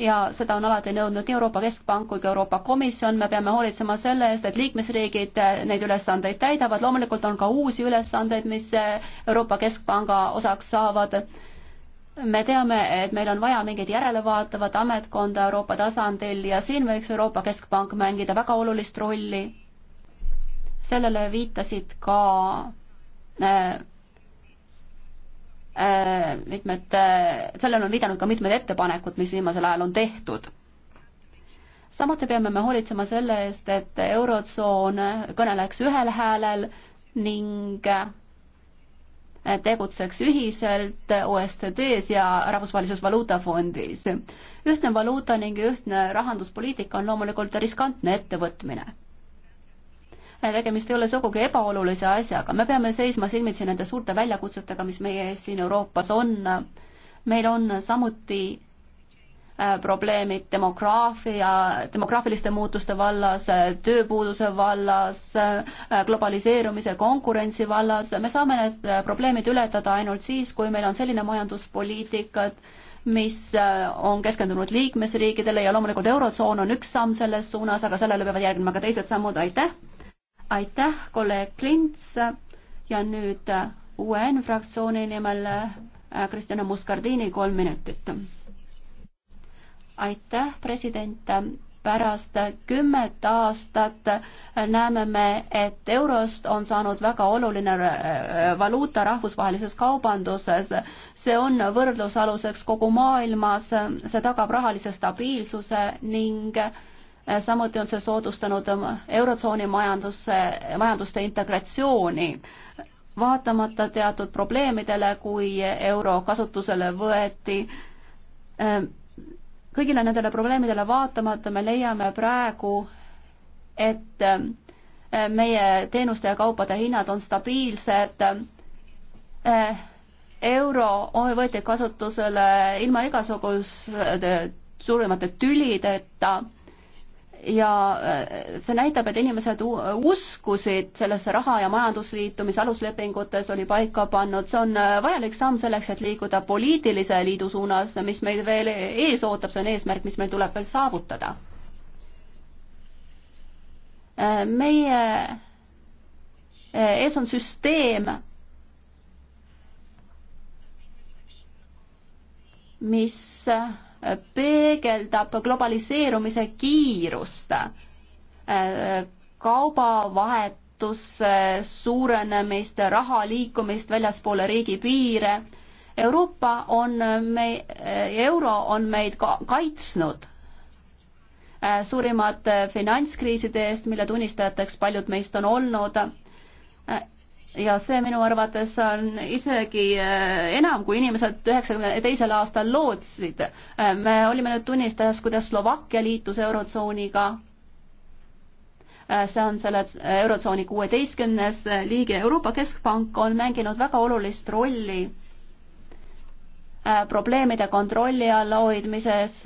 ja seda on alati nõudnud nii Euroopa Keskpank kui ka Euroopa Komisjon, me peame hoolitsema selle eest, et liikmesriigid neid ülesandeid täidavad, loomulikult on ka uusi ülesandeid, mis Euroopa Keskpanga osaks saavad me teame, et meil on vaja mingit järelevaatavat ametkonda Euroopa tasandil ja siin võiks Euroopa Keskpank mängida väga olulist rolli. sellele viitasid ka äh, äh, mitmed äh,, sellele on viidanud ka mitmed ettepanekud, mis viimasel ajal on tehtud. samuti peame me hoolitsema selle eest, et Eurotsoon kõneleks ühel häälel ning äh, tegutseks ühiselt OSCD-s ja Rahvusvahelises Valuutafondis. ühtne valuuta ning ühtne rahanduspoliitika on loomulikult riskantne ettevõtmine. tegemist ei ole sugugi ebaolulise asjaga, me peame seisma silmitsi nende suurte väljakutsetega, mis meie ees siin Euroopas on. meil on samuti Äh, probleemid demograafia, demograafiliste muutuste vallas, tööpuuduse vallas, äh, globaliseerumise, konkurentsi vallas, me saame need äh, probleemid ületada ainult siis, kui meil on selline majanduspoliitika, mis on keskendunud liikmesriikidele ja loomulikult Eurotsoon on üks samm selles suunas, aga sellele peavad järgnema ka teised sammud, aitäh! aitäh, kolleeg Klints ja nüüd UN fraktsiooni nimel Kristjana Muscardini kolm minutit aitäh, president pärast kümmet aastat näeme me, et eurost on saanud väga oluline äh, äh, valuuta rahvusvahelises kaubanduses. see on võrdlusaluseks kogu maailmas, see tagab rahalise stabiilsuse ning äh, samuti on see soodustanud ähm, Eurotsooni majandusse, majanduste integratsiooni vaatamata teatud probleemidele, kui euro kasutusele võeti ähm, kõigile nendele probleemidele vaatamata me leiame praegu, et äh, meie teenuste ja kaupade hinnad on stabiilsed. Äh, euro võeti kasutusele ilma igasuguse suuremate tülideta ja äh, see näitab, et inimesed uskusid sellesse raha- ja majandusliitu, mis aluslepingutes oli paika pannud, see on äh, vajalik samm selleks, et liikuda poliitilise liidu suunas, mis meid veel ees ootab, see on eesmärk, mis meil tuleb veel saavutada. Äh, meie ees on süsteem, mis peegeldab globaliseerumise kiirust, kaubavahetus suurenemist, raha liikumist väljaspoole riigipiire. Euroopa on me, euro on meid ka kaitsnud äh, suurimate finantskriiside eest, mille tunnistajateks paljud meist on olnud äh, ja see minu arvates on isegi äh, enam, kui inimesed üheksakümne teisel aastal lootsid. Äh, me olime nüüd tunnistajaks, kuidas Slovakkia liitus Eurotsooniga. Äh, see on selle Eurotsooni kuueteistkümnes liige. Euroopa Keskpank on mänginud väga olulist rolli probleemide kontrolli all hoidmises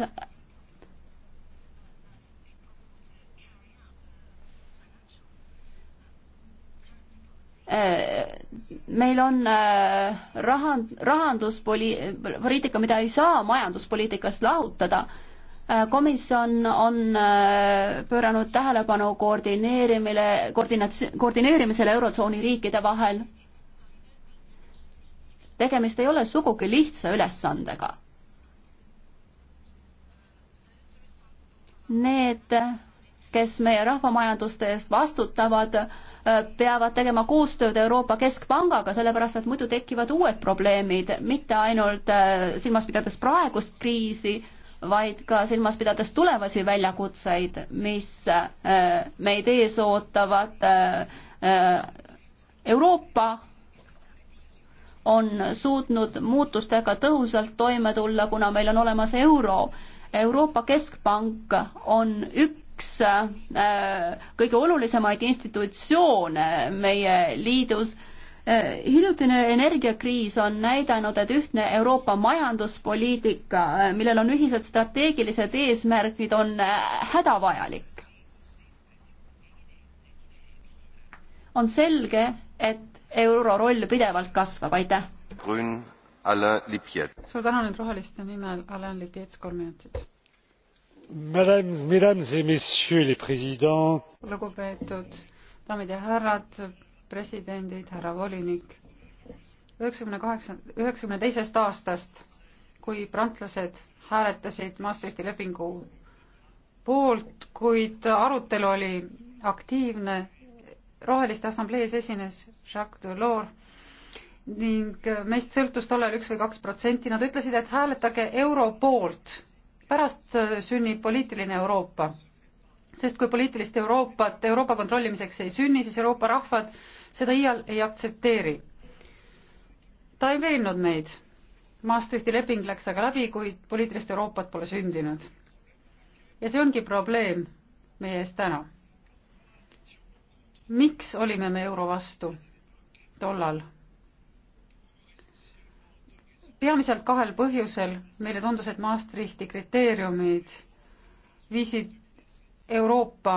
Äh, meil on äh, rahan-, rahanduspolii-, poliitika, mida ei saa majanduspoliitikast lahutada. Äh, komisjon on pööranud tähelepanu koordineerimile, koordinats-, koordineerimisele Eurotsooni riikide vahel. tegemist ei ole sugugi lihtsa ülesandega. Need, kes meie rahvamajanduste eest vastutavad, Äh, peavad tegema koostööd Euroopa Keskpangaga, sellepärast et muidu tekivad uued probleemid, mitte ainult äh, silmas pidades praegust kriisi, vaid ka silmas pidades tulevasi väljakutseid, mis äh, meid ees ootavad. Euroopa on suutnud muutustega tõhusalt toime tulla, kuna meil on olemas euro. Euroopa Keskpank on üks üks äh, kõige olulisemaid institutsioone meie liidus. Äh, hiljutine energiakriis on näidanud, et ühtne Euroopa majanduspoliitika, äh, millel on ühised strateegilised eesmärgid, on hädavajalik. on selge, et euro roll pidevalt kasvab, aitäh! suur tänu nüüd roheliste nimel, Alain Lipiets, kolm minutit lugupeetud daamid ja härrad, presidendid, härra volinik. üheksakümne kaheksa, üheksakümne teisest aastast, kui prantslased hääletasid Maastrichti lepingu poolt, kuid arutelu oli aktiivne. roheliste assamblees esines Jacques Delors ning meist sõltus tollal üks või kaks protsenti, nad ütlesid, et hääletage euro poolt pärast äh, sünnib poliitiline Euroopa, sest kui poliitilist Euroopat Euroopa kontrollimiseks ei sünni, siis Euroopa rahvad seda iial ei aktsepteeri. ta ei veennud meid. Maastrichti leping läks aga läbi, kuid poliitilist Euroopat pole sündinud. ja see ongi probleem meie ees täna. miks olime me euro vastu tollal? peamiselt kahel põhjusel meile tundus, et Maastrichti kriteeriumid viisid Euroopa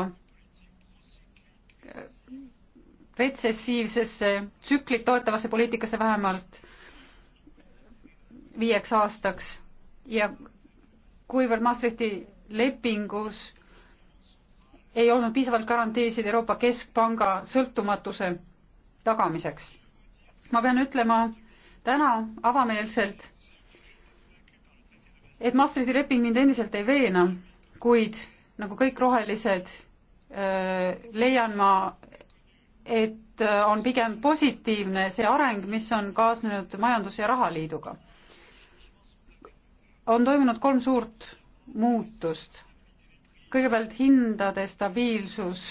retsessiivsesse tsüklit toetavasse poliitikasse vähemalt viieks aastaks ja kuivõrd Maastrichti lepingus ei olnud piisavalt garantiisid Euroopa Keskpanga sõltumatuse tagamiseks. ma pean ütlema, täna avameelselt, et Maastrichti leping mind endiselt ei veena, kuid nagu kõik rohelised, leian ma, et on pigem positiivne see areng, mis on kaasnenud Majandus- ja Rahaliiduga. on toimunud kolm suurt muutust. kõigepealt hindade stabiilsus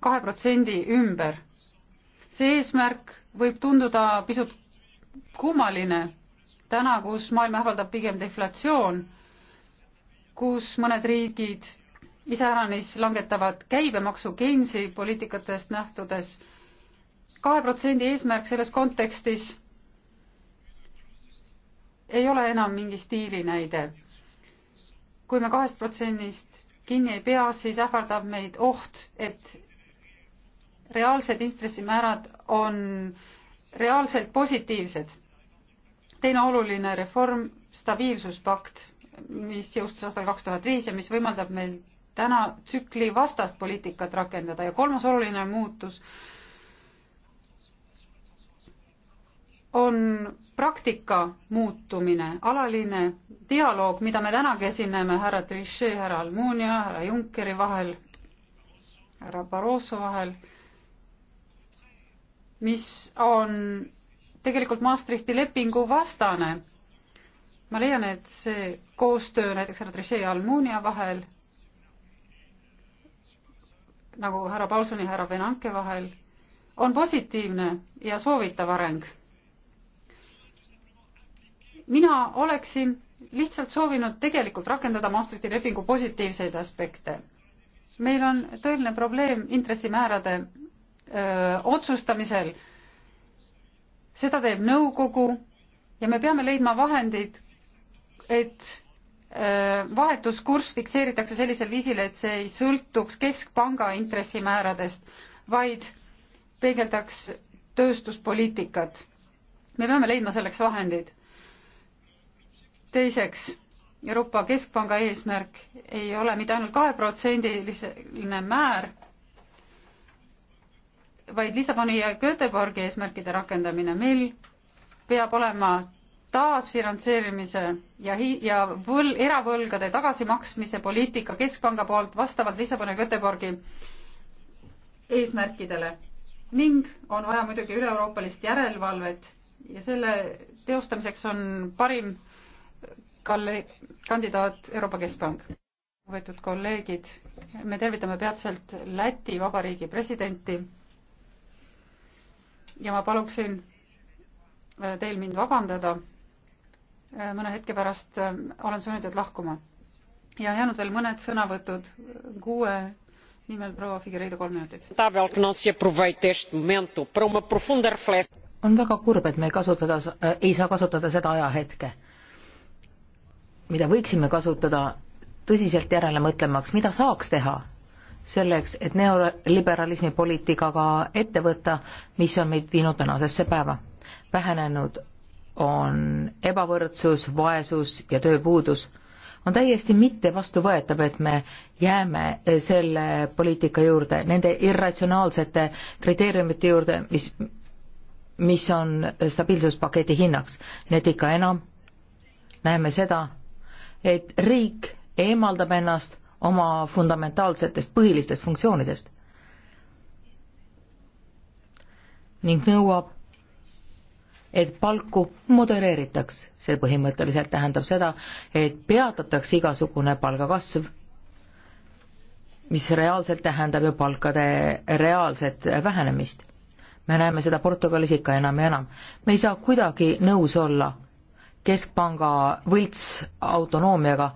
kahe protsendi ümber. see eesmärk võib tunduda pisut kummaline täna, kus maailma ähvardab pigem deflatsioon, kus mõned riigid iseäranis langetavad käibemaksu Keinsi poliitikatest nähtudes kahe protsendi eesmärk selles kontekstis ei ole enam mingi stiilinäide. kui me kahest protsendist kinni ei pea, siis ähvardab meid oht, et reaalsed intressimäärad on reaalselt positiivsed. teine oluline reform, stabiilsuspakt, mis jõustus aastal kaks tuhat viis ja mis võimaldab meil täna tsükli vastast poliitikat rakendada ja kolmas oluline muutus on praktika muutumine, alaline dialoog, mida me tänagi esineme härra Trichet, härra Almunia, härra Junckeri vahel, härra Barroso vahel mis on tegelikult Maastrichti lepingu vastane. ma leian, et see koostöö näiteks härra Trichet ja Almunia vahel, nagu härra Paulsoni ja härra Benanke vahel, on positiivne ja soovitav areng. mina oleksin lihtsalt soovinud tegelikult rakendada Maastrichti lepingu positiivseid aspekte. meil on tõeline probleem intressimäärade öö, otsustamisel. seda teeb nõukogu ja me peame leidma vahendid, et öö, vahetuskurss fikseeritakse sellisel viisil, et see ei sõltuks keskpanga intressimääradest, vaid peegeldaks tööstuspoliitikat. me peame leidma selleks vahendid. teiseks Euroopa Keskpanga eesmärk ei ole mitte ainult kaheprotsendiline määr, vaid Lissaboni ja Göteborgi eesmärkide rakendamine. meil peab olema taasfinantseerimise ja, ja võl-, eravõlgade tagasimaksmise poliitika Keskpanga poolt vastavalt Lissaboni ja Göteborgi eesmärkidele ning on vaja muidugi üle-euroopalist järelevalvet ja selle teostamiseks on parim kalle-, kandidaat Euroopa Keskpank. lugupeetud kolleegid, me tervitame peatselt Läti Vabariigi presidenti ja ma paluksin äh, teil mind vabandada. Äh, mõne hetke pärast äh, olen sunnitud lahkuma. ja jäänud veel mõned sõnavõtud kuue nimel proua Figueiredo kolm minutit. on väga kurb, et me ei kasutada, ei saa kasutada seda ajahetke, mida võiksime kasutada tõsiselt järele mõtlemaks, mida saaks teha selleks, et neoliberalismi poliitikaga ette võtta, mis on meid viinud tänasesse päeva. vähenenud on ebavõrdsus, vaesus ja tööpuudus. on täiesti mitte vastuvõetav, et me jääme selle poliitika juurde, nende irratsionaalsete kriteeriumite juurde, mis, mis on stabiilsuspaketi hinnaks. Need ikka enam näeme seda, et riik eemaldab ennast oma fundamentaalsetest põhilistest funktsioonidest ning nõuab, et palku modereeritaks. see põhimõtteliselt tähendab seda, et peatatakse igasugune palgakasv, mis reaalselt tähendab ju palkade reaalset vähenemist. me näeme seda Portugalis ikka enam ja enam. me ei saa kuidagi nõus olla keskpanga võltsautonoomiaga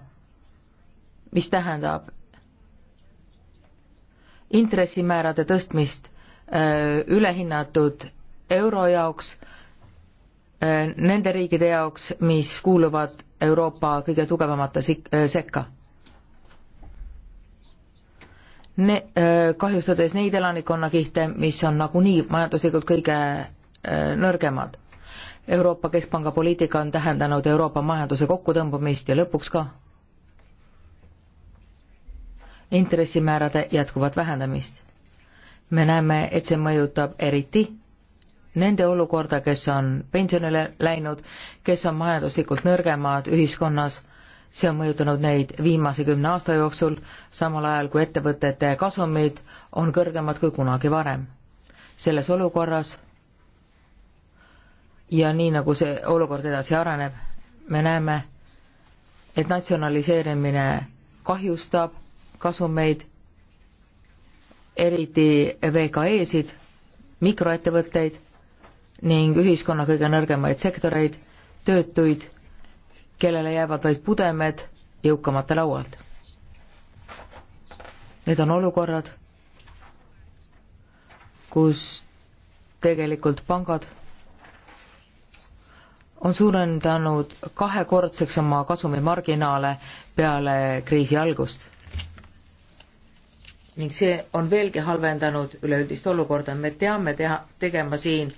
mis tähendab intressimäärade tõstmist äh, ülehinnatud euro jaoks, äh, nende riikide jaoks, mis kuuluvad Euroopa kõige tugevamate äh, sekka. Ne-, kahjustades neid elanikkonnakihte, mis on nagunii majanduslikult kõige nõrgemad. Euroopa Keskpanga poliitika on tähendanud Euroopa majanduse kokkutõmbumist ja lõpuks ka intressimäärade jätkuvat vähendamist. me näeme, et see mõjutab eriti nende olukorda, kes on pensionile läinud, kes on majanduslikult nõrgemad ühiskonnas, see on mõjutanud neid viimase kümne aasta jooksul, samal ajal kui ettevõtete kasumid on kõrgemad kui kunagi varem. selles olukorras ja nii, nagu see olukord edasi areneb, me näeme, et natsionaliseerimine kahjustab kasumeid, eriti VKE-sid, mikroettevõtteid ning ühiskonna kõige nõrgemaid sektoreid, töötuid, kellele jäävad vaid pudemed jõukamate laualt. Need on olukorrad, kus tegelikult pangad on suurendanud kahekordseks oma kasumimarginaale peale kriisi algust ning see on veelgi halvendanud üleüldist olukorda. me peame teha, tegema siin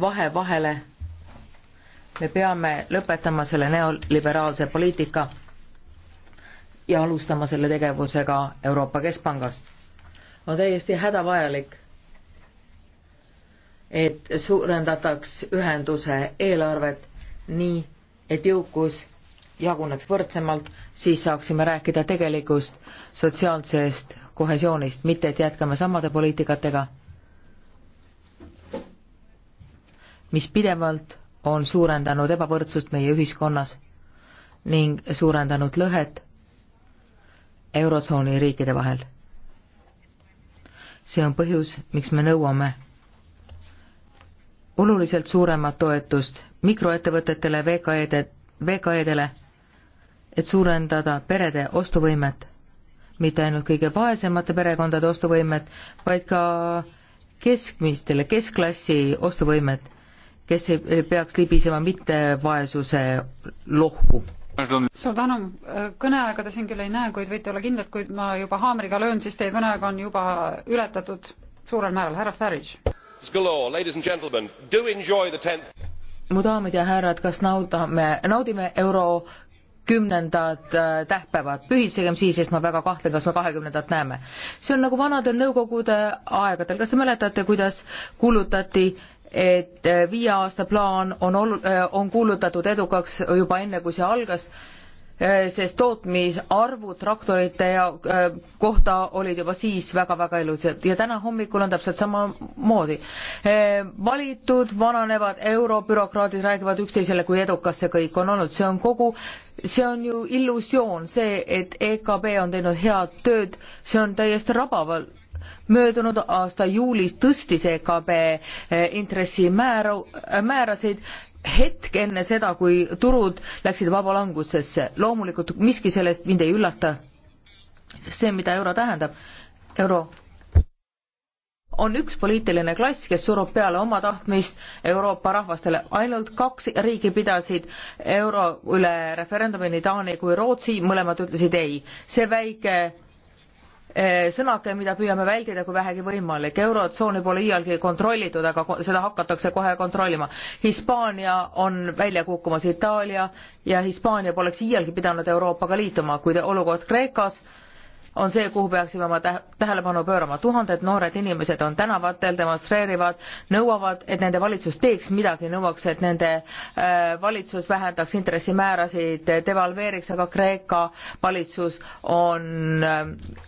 vahe vahele. me peame lõpetama selle neoliberaalse poliitika ja alustama selle tegevusega Euroopa Keskpangast. on täiesti hädavajalik, et suurendataks ühenduse eelarvet nii, et jõukus jaguneks võrdsemalt, siis saaksime rääkida tegelikust sotsiaalsest kohesioonist, mitte et jätkame samade poliitikatega, mis pidevalt on suurendanud ebavõrdsust meie ühiskonnas ning suurendanud lõhet Eurotsooni riikide vahel. see on põhjus, miks me nõuame oluliselt suuremat toetust mikroettevõtetele, VKE-de, VKE-dele, et suurendada perede ostuvõimet mitte ainult kõige vaesemate perekondade ostuvõimet, vaid ka keskmistele, keskklassi ostuvõimet, kes ei peaks libisema mitte vaesuse lohku. suur tänu, kõneaega te siin küll ei näe, kuid võite olla kindlad, kui ma juba haamriga löön, siis teie kõneaeg on juba ületatud suurel määral, härra Farage. mu daamid ja härrad, kas naudame, naudime euro kümnendad äh, tähtpäevad, pühitsegem siis, sest ma väga kahtlen, kas me kahekümnendat näeme. see on nagu vanadel nõukogude aegadel, kas te mäletate, kuidas kuulutati et äh, viie aasta plaan on olu-, äh, on kuulutatud edukaks juba enne, kui see algas Äh, sest tootmisarvu traktorite ja äh, kohta olid juba siis väga-väga ilusad ja täna hommikul on täpselt samamoodi. Äh, valitud vananevad eurobürokraadid räägivad üksteisele, kui edukas see kõik on olnud, see on kogu, see on ju illusioon, see, et EKB on teinud head tööd, see on täiesti rabaval möödunud aasta juulis tõstis EKB intressimäära, määrasid hetk enne seda, kui turud läksid vabalangusesse. loomulikult miski sellest mind ei üllata, sest see, mida euro tähendab, euro on üks poliitiline klass, kes surub peale oma tahtmist Euroopa rahvastele. ainult kaks riigi pidasid euro üle referendumi, nii Taani kui Rootsi, mõlemad ütlesid ei. see väike Eh, sõnake, mida püüame vältida, kui vähegi võimalik. eurotsooni pole iialgi kontrollitud, aga seda hakatakse kohe kontrollima. Hispaania on välja kukkumas Itaalia ja Hispaania poleks iialgi pidanud Euroopaga liituma, kuid olukord Kreekas on see, kuhu peaksime oma tähelepanu pöörama. tuhanded noored inimesed on tänavatel, demonstreerivad, nõuavad, et nende valitsus teeks midagi, nõuaks, et nende eh, valitsus vähendaks intressimäärasid, devalveeriks, aga Kreeka valitsus on eh,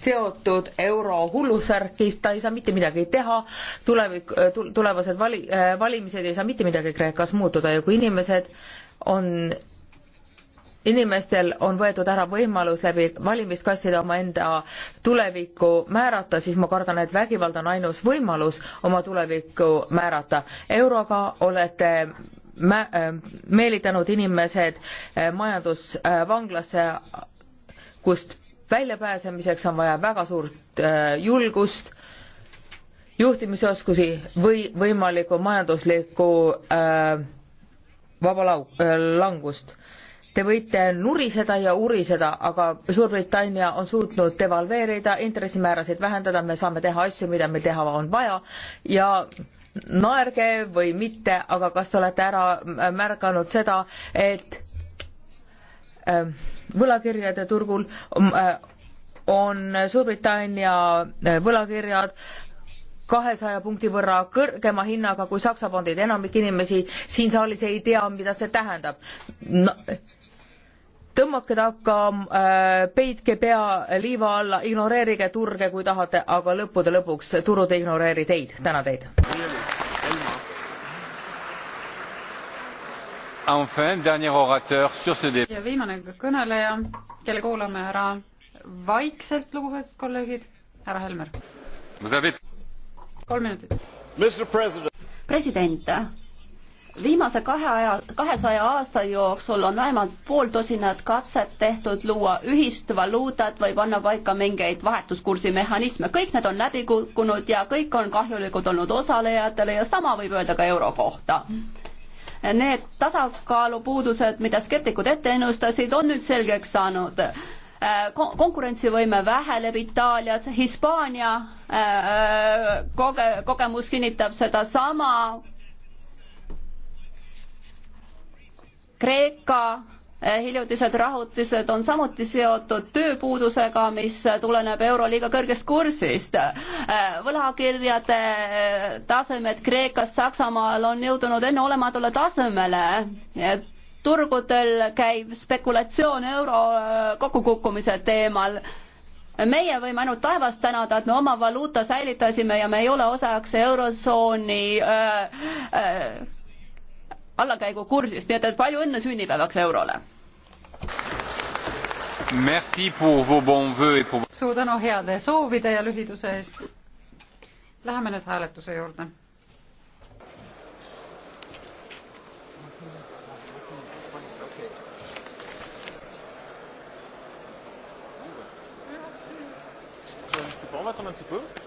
seotud euro hullusärkis, ta ei saa mitte midagi teha, tulevik, äh, tulevased vali, äh, valimised ei saa mitte midagi Kreekas muutuda ja kui inimesed on, inimestel on võetud ära võimalus läbi valimiskastide omaenda tulevikku määrata, siis ma kardan, et vägivald on ainus võimalus oma tulevikku määrata. euroga olete äh, meelitanud inimesed majandusvanglasse, kust väljapääsemiseks on vaja väga suurt äh, julgust, juhtimisoskusi või võimalikku majanduslikku äh, vaba lau-, äh, langust. Te võite nuriseda ja uriseda, aga Suurbritannia on suutnud devalveerida, intressimäärasid vähendada, me saame teha asju, mida meil teha on vaja ja naerge või mitte, aga kas te olete ära märganud seda, et Äh, võlakirjade turgul mm, äh, on Suurbritannia äh, võlakirjad kahesaja punkti võrra kõrgema hinnaga kui Saksa fondid. enamik inimesi siin saalis ei tea, mida see tähendab no, tõmmake takka peitke pea liiva alla ignoreerige turge kui tahate aga lõppude lõpuks turud ei ignoreeri teid täna teid enfin, dernier orateur sur ce débat. ja viimane kõneleja, kelle kuulame ära vaikselt, lugupeetud kolleegid, härra Helmer. kolm minutit. president, viimase kahe aja, kahesaja aasta jooksul on vähemalt pooltosinad katset tehtud luua ühist valuutat või panna paika mingeid vahetuskursi mehhanisme. kõik need on läbi kukkunud ja kõik on kahjulikud olnud osalejatele ja sama võib öelda ka euro kohta mm Need tasakaalupuudused, mida skeptikud ette ennustasid, on nüüd selgeks saanud äh, konkurentsivõime väheneb Itaalias, Hispaania äh, koge-, kogemus kinnitab sedasama, Kreeka Eh, hiljutised rahutised on samuti seotud tööpuudusega, mis tuleneb euro liiga kõrgest kursist. Eh, võlakirjade eh, tasemed Kreekas, Saksamaal on jõudunud enneolematule tasemele turgudel käib spekulatsioon euro kokkukukkumise teemal. meie võime ainult taevast tänada, et me oma valuuta säilitasime ja me ei ole osaks eurotsooni äh, äh, allakäigukursis, nii et, et palju õnne sünnipäevaks eurole! Pour... suur tänu heade soovide ja lühiduse eest. Läheme nüüd hääletuse juurde. On va attendre un petit peu.